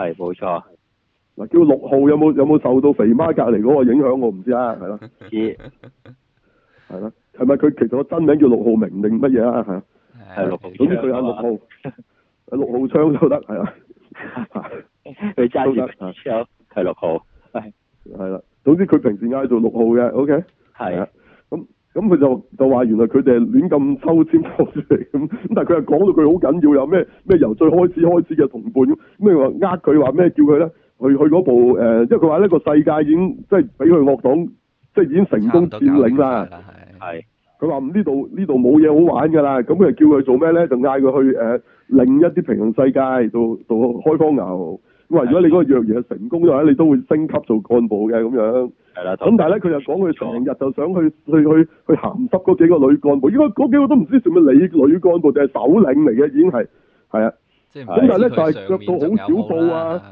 係，冇錯。嗱，叫六號有冇有冇受到肥媽隔籬嗰個影響？我唔知啊，係啦，知。係咯 的，係咪佢其實個真名叫六號明定乜嘢啊？係啊。係六號。總之佢嗌六號。啊，六號槍都得，係啊。佢揸住啊，有。係六號。係。係啦，總之佢平時嗌做六號嘅，OK 的。係。咁。咁佢就就話原來佢哋係亂咁抽簽攞出嚟咁，咁但係佢又講到佢好緊要有咩咩由最開始開始嘅同伴咁，咩話，呃，佢話咩叫佢咧去去嗰部誒，因為佢話呢個世界已經即係俾佢惡黨即係已經成功佔領啦，佢話唔呢度呢度冇嘢好玩㗎啦，咁佢就叫佢做咩咧？就嗌佢去、呃、另一啲平行世界度度開荒牛。咁啊！如果你嗰個藥癡成功嘅話，你都會升級做幹部嘅咁樣。係啦。咁但係咧，佢就講佢成日就想去去去去鹹濕嗰幾個女幹部。應該嗰幾個都唔知做乜你女幹部，定係首領嚟嘅，已經係係啊。咁但係呢咧，上就係着到好少布啊。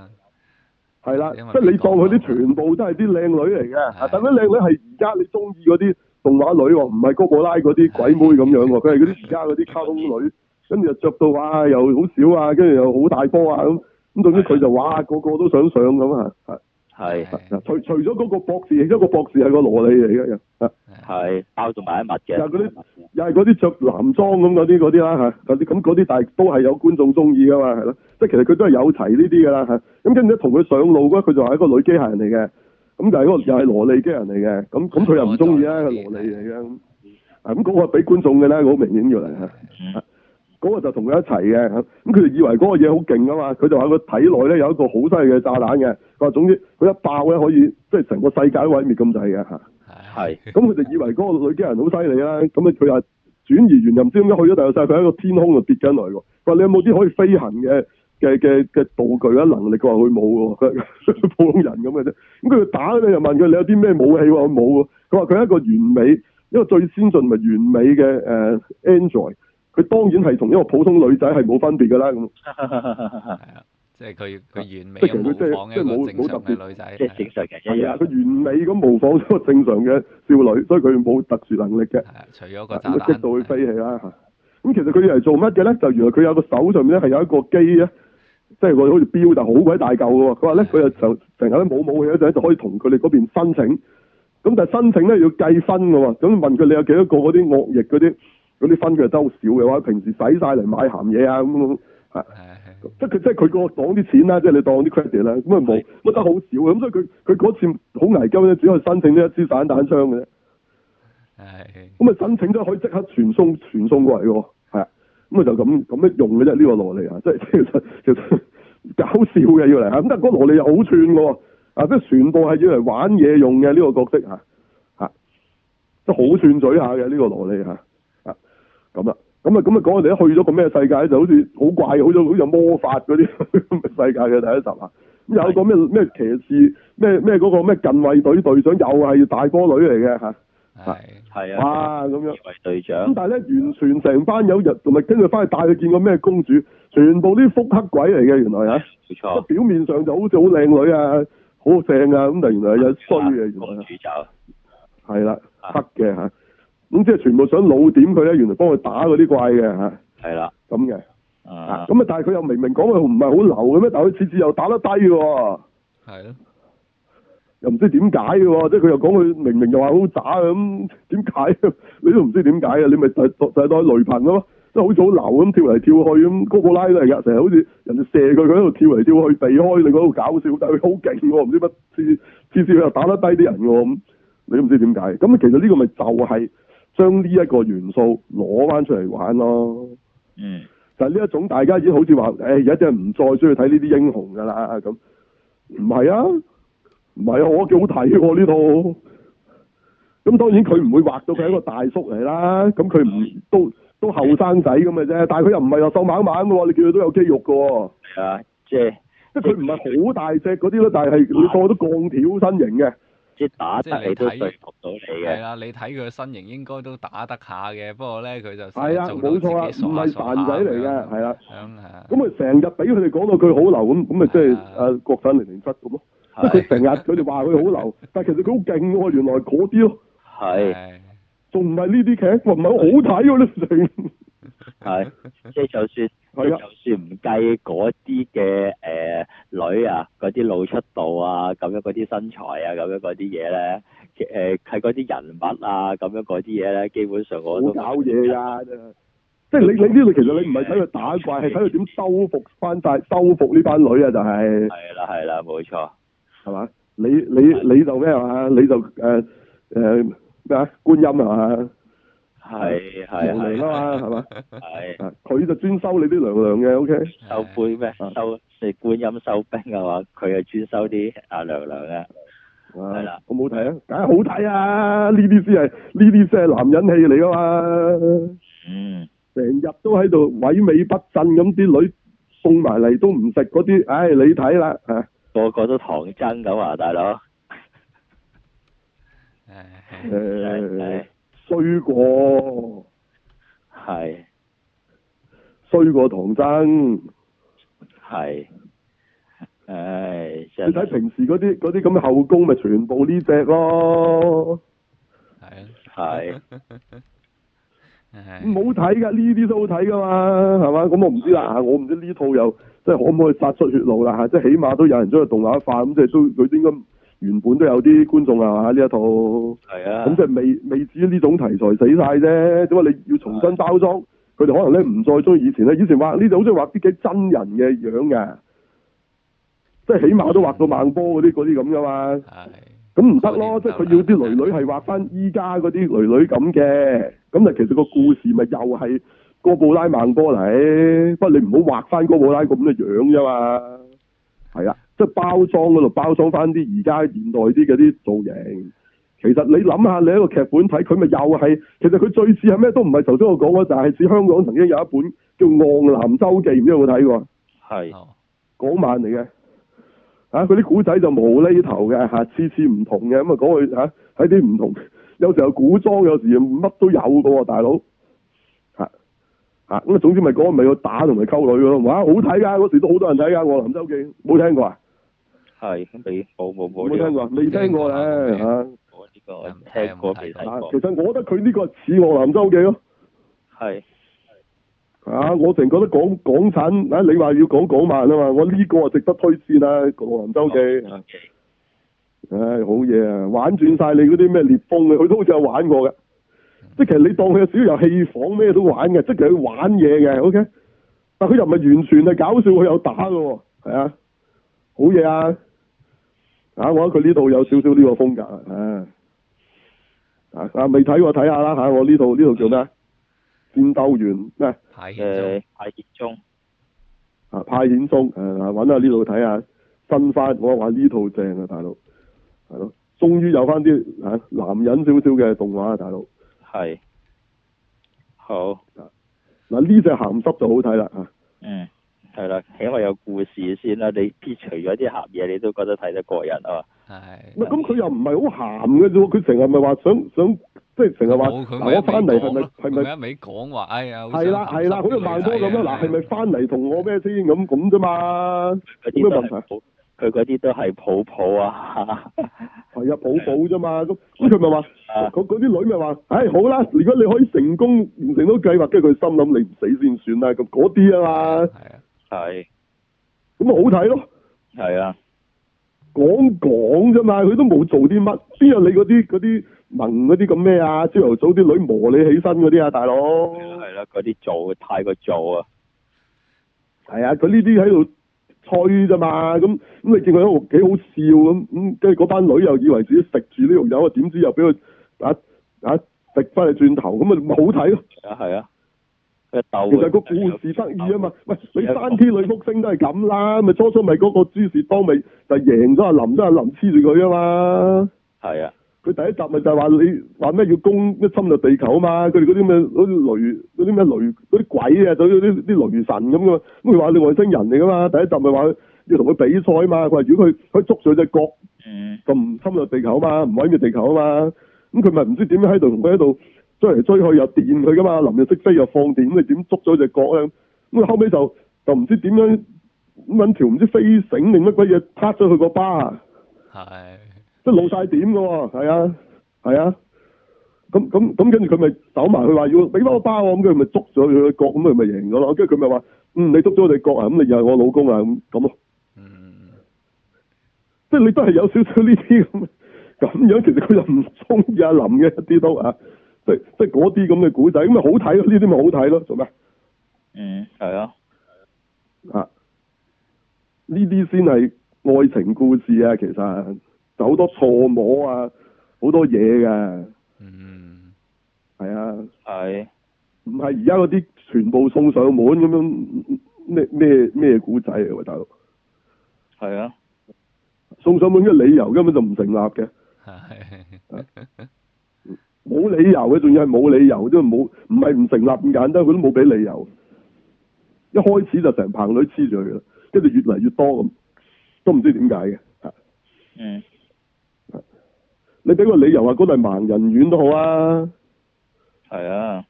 係啦，即係的你當佢啲全部都係啲靚女嚟嘅。是的但啲靚女係而家你中意嗰啲動畫女喎，唔係哥布拉嗰啲鬼妹咁樣喎，佢係啲而家嗰啲卡通女，跟住就着到啊，又好少啊，跟住又好大波啊咁。咁總之佢就話個個都想上咁啊，係係除除咗嗰個博士，其中一個博士係個蘿莉嚟嘅吓，係包住埋一密嘅嗰啲又係嗰啲着男裝咁嗰啲嗰啲啦吓嗰啲咁啲，但係都係有觀眾中意噶嘛，係咯，即係其實佢都係有提呢啲噶啦吓。咁跟住同佢上路佢就係一個女機械人嚟嘅，咁但係個又係蘿莉機械人嚟嘅，咁咁佢又唔中意啊個蘿莉嚟嘅，啊咁嗰個俾觀眾嘅啦，好明顯要嚟吓。嗰個就同佢一齊嘅，咁佢哋以為嗰個嘢好勁啊嘛，佢就話佢體內咧有一個好犀利嘅炸彈嘅，佢話總之佢一爆咧可以即係成個世界毀滅咁滯嘅嚇。係，咁佢就以為嗰個女機人好犀利啊，咁啊佢又轉而完，又唔知點解去咗大陸曬，佢喺個天空度跌緊落嚟喎。佢話你有冇啲可以飛行嘅嘅嘅嘅道具啊能力？佢話佢冇喎，佢普通人咁嘅啫。咁佢打咧又問佢你有啲咩武器喎？冇喎。佢話佢係一個完美，一個最先進同埋完美嘅誒、呃、Android。佢當然係同一個普通女仔係冇分別㗎啦，咁 即係佢佢完美，即係佢冇特別女仔，即係正常嘅，係啊，佢完美咁模仿咗個正常嘅 少女，所以佢冇特殊能力嘅。除咗個激到佢飛起啦。咁其實佢以嚟做乜嘅咧？就原來佢有個手上面咧係有一個機啊，即係個好似錶，但係好鬼大嚿嘅喎。佢話咧，佢 就成日都冇武器，就就可以同佢哋嗰邊申請。咁但係申請咧要計分嘅喎，咁問佢你有幾多個嗰啲惡役嗰啲。嗰啲分佢都好少嘅話，平時使晒嚟買鹹嘢啊咁，即係佢即係佢，個擋啲錢啦，即係你當啲 credit 啦，咁啊冇乜得好少咁，所以佢佢嗰次好危急咧，只可以申請呢一支散彈槍嘅啫，咁啊的申請咗可以即刻傳送傳送過嚟嘅，係啊，咁啊就咁咁樣，樣用嘅啫，呢個蘿莉啊，即係其實其實搞笑嘅要嚟咁，但係個蘿莉又好串嘅，啊即係全部係要嚟玩嘢用嘅呢個角色啊，吓好串嘴下嘅呢個蘿莉啊。咁咪咁啊咁啊講我哋去咗個咩世界咧，就好似好怪，好似好有魔法嗰啲世界嘅第一集啊，咁有個咩咩騎士，咩咩嗰個咩近衛隊隊長又係大波女嚟嘅吓，係係的啊，哇咁樣，近衛隊長，咁但係咧的完全成班友日同埋跟住翻去帶佢見過咩公主，全部啲腹黑鬼嚟嘅原來吓，冇錯的，表面上就好似好靚女啊，好正啊，咁但、啊、原來有衰嘅，公主酒，係啦來，黑嘅吓。咁即係全部想老點佢咧，原來幫佢打嗰啲怪嘅嚇，係啦咁嘅咁啊，但係佢又明明講佢唔係好流嘅咩？但係佢次次又打得低喎，係咯的，又唔知點解嘅喎，即係佢又講佢明明又話好渣咁，點解 你都唔知點解啊？你咪就就當雷朋咯，即係好似好流咁跳嚟跳去咁，哥布拉嚟噶，成日好似人哋射佢，佢喺度跳嚟跳去避開你嗰度搞笑，但佢好勁喎，唔知乜次次次佢又打得低啲人喎咁，嗯、你都唔知點解。咁其實呢個咪就係、是。將呢一個元素攞翻出嚟玩咯，嗯，就係呢一種大家已經好似話，誒而家啲人唔再需要睇呢啲英雄㗎啦。咁唔係啊，唔係啊，我幾好睇喎呢套，咁當然佢唔會畫到佢係一個大叔嚟啦，咁佢唔都都後生仔咁嘅啫，但係佢又唔係話瘦蜢蜢嘅喎，你見佢都有肌肉嘅喎，啊，就係、即係即係佢唔係好大隻嗰啲咯，哇但係佢個都鋼條身形嘅。即打即嚟睇到你嘅，係啦，你睇佢嘅身形應該都打得下嘅，不過咧佢就係啦，冇錯啦，唔係凡仔嚟嘅，係啦，咁咪成日俾佢哋講到佢好流咁，咁啊即係啊國產零零七咁咯，即係佢成日佢哋話佢好流，但係其實佢好勁喎，原來嗰啲咯，係，仲唔係呢啲劇，話唔係好睇喎，啲成。係，即係、 啊就是、就算即係就，就算唔計嗰啲嘅誒女啊，嗰啲露出度啊，咁樣嗰啲身材啊，咁樣嗰啲嘢咧，誒係嗰啲人物啊，咁樣嗰啲嘢咧，基本上我搞嘢啊。即係你你呢度其實你唔係喺度打怪，係喺度點收服翻晒，收的服呢班女啊就係係啦係啦，冇錯，係嘛，你你你就咩啊？你就誒誒咩啊？觀音係、啊、嘛？係係娘娘嘛，係嘛，係佢就專收你啲娘娘嘅。O K，收兵咩？收你觀音收兵，係嘛？佢係專收啲啊娘娘嘅，係啦。好唔好睇啊？梗係好睇啊！呢啲先係，呢啲先係男人戲嚟噶嘛。嗯，成日都喺度萎靡不振咁，啲女送埋嚟都唔食嗰啲。唉，你睇啦，吓，個個都唐僧咁啊，大佬，係係。.衰過，係是衰過唐僧，係，唉，你睇平時嗰啲嗰啲咁嘅後宮咪全部呢隻咯，係，係唔好睇噶，呢啲都好睇噶嘛，係嘛？咁我唔知啦吓，我唔知呢套又即係可唔可以殺出血路啦吓，即係起碼都有人將佢動畫化，咁即係都佢應該。原本都有啲觀眾啊，呢一套，咁即係未未至於呢種題材死晒啫，點解你要重新包裝？佢哋、啊、可能咧唔再中意以前咧，以前畫呢度好中意畫啲嘅真人嘅樣嘅，即係起碼都畫到孟波嗰啲嗰啲咁噶嘛。咁唔得咯，啊、即係佢要啲女女係畫翻依家嗰啲女女咁嘅，咁啊其實個故事咪又係哥布拉孟波嚟，不過你唔好畫翻哥布拉咁嘅樣啫嘛。係啊，即係包裝嗰度包裝翻啲而家現代啲嘅啲造型。其實你諗下，你喺個劇本睇佢咪又係？其實佢最似係咩都唔係頭先我講嘅，就係、是、似香港曾經有一本叫《臥南周記》，唔知有冇睇過？係港漫嚟嘅，吓佢啲古仔就無厘頭嘅吓，啊、次次唔同嘅咁啊講佢吓喺啲唔同，有時候古裝，有時乜都有噶，大佬。吓咁啊！總之咪講咪個打同埋溝女咯，哇好睇噶嗰時都好多人睇噶《我林周記》，冇聽過啊？係你冇冇冇冇聽過未聽過咧吓，我呢個聽過、啊、聽過其實，我覺得佢呢個似、哦是啊《我林周記》咯，係吓我淨覺得講港、港產啊！你話要講港漫啊嘛，我呢個啊值得推薦啊《我林周記》我。唉、哎，好嘢啊！玩轉晒你嗰啲咩烈風嘅，佢都好似有玩過嘅。即係其實你當佢有少少戲房咩都玩嘅，即係佢玩嘢嘅，OK。但佢又唔係完全係搞笑，佢有打嘅，係啊，好嘢啊！啊，我諗佢呢度有少少呢個風格啊。啊啊，未睇過睇下啦吓、啊，我呢度呢度叫咩？戰鬥員咩？派、啊、遣、呃、派遣中，派遣中啊，派遣中誒，搵、啊、下呢度睇下，新番。我話呢套正啊，大佬。係咯，終於有翻啲、啊、男人少少嘅動畫啊，大佬。係，好嗱，呢隻鹹濕就好睇啦，嗯，係啦，起碼有故事先啦。你撇除咗啲鹹嘢，你都覺得睇得過癮啊？係，咁佢又唔係好鹹嘅啫，佢成日咪話想想，即係成日話我翻嚟係咪係咪未講話？哎呀，係啦係啦，好似孟波咁啦，嗱係咪翻嚟同我咩先咁咁啫嘛？有咩問題？佢嗰啲都係抱抱啊，係 啊，抱抱啫嘛。咁咁佢咪話，嗰嗰啲女咪話，唉、哎，好啦，如果你可以成功完成到計劃，跟住佢心諗你唔死先算啦。咁嗰啲啊嘛，係、啊，咁咪、啊、好睇咯，係啊，講講啫嘛，佢都冇做啲乜。邊有你嗰啲嗰啲聞嗰啲咁咩啊？朝頭早啲女磨你起身嗰啲啊，大佬。係啦係啦，嗰啲做太過做啊，係啊，佢呢啲喺度吹咋嘛？咁咁你見佢喺度幾好笑咁咁，跟住嗰班女又以為自己食住呢肉油啊，點知又俾佢啊啊食翻嚟轉頭，咁咪唔好睇咯。啊係啊，啊其實個故事得意啊嘛。喂，你山 T 女福星都係咁啦，咪初初咪嗰個朱士當尾就贏咗阿林，都阿林黐住佢啊嘛。係啊。佢第一集咪就係話你話咩要攻一侵略地球啊嘛？佢哋嗰啲咩好似雷嗰啲咩，雷嗰啲鬼啊，嗰啲啲雷神咁嘅嘛？咁佢話你外星人嚟噶嘛？第一集咪話要同佢比賽啊嘛？佢話如果佢佢捉咗隻角，他他的就唔侵略地球啊嘛，唔毀滅地球啊嘛。咁佢咪唔知點樣喺度同佢喺度追嚟追去又電佢噶嘛？林日識飛又放電，咁你點捉咗隻角咧？咁後尾就就唔知點樣揾條唔知飛繩定乜鬼嘢，劈咗佢個巴。係。即係老晒點嘅，係啊，係啊，咁咁咁，跟住佢咪走埋佢話要俾翻個包，咁佢咪捉咗佢個角，咁佢咪贏咗咯。跟住佢咪話，嗯，你捉咗我哋角啊，咁你又係我老公啊，咁咁咯。嗯，即係你都係有少少呢啲咁，咁樣其實佢又唔中意阿林嘅一啲都、就是嗯、啊，即係即係嗰啲咁嘅古仔，咁咪好睇咯，呢啲咪好睇咯，做咩。嗯，係啊啊，呢啲先係愛情故事啊，其實。就好多錯摸啊，好多嘢嘅，嗯，係啊，係是，唔係而家嗰啲全部送上門咁樣咩咩咩古仔嚟？喂，啊，大佬，係啊，送上門嘅理由根本就唔成立嘅，係，冇理由嘅，仲要係冇理由，都冇唔係唔成立咁簡單，佢都冇俾理由，一開始就成棚女黐住佢啦，跟住越嚟越多咁，都唔知點解嘅，嗯。你俾個理由話嗰度盲人院都好啊，係啊，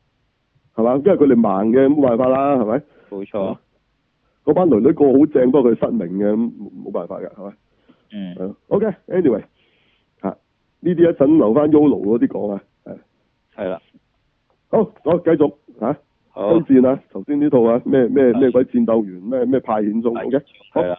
係嘛，因為佢哋盲嘅，冇辦法啦，係咪？冇錯錯，嗰班、嗯、女女個好正，不過佢失明嘅，冇冇辦法噶，係咪？嗯，o k、okay, a n y、anyway, w a y 吓呢啲一陣留翻 YOLO 嗰啲講啊，係，係啦，啊、好，好，繼續吓，啊、好、啊，戰啊，頭先呢套啊，咩咩咩鬼戰鬥員，咩咩派遣中嘅，係啦。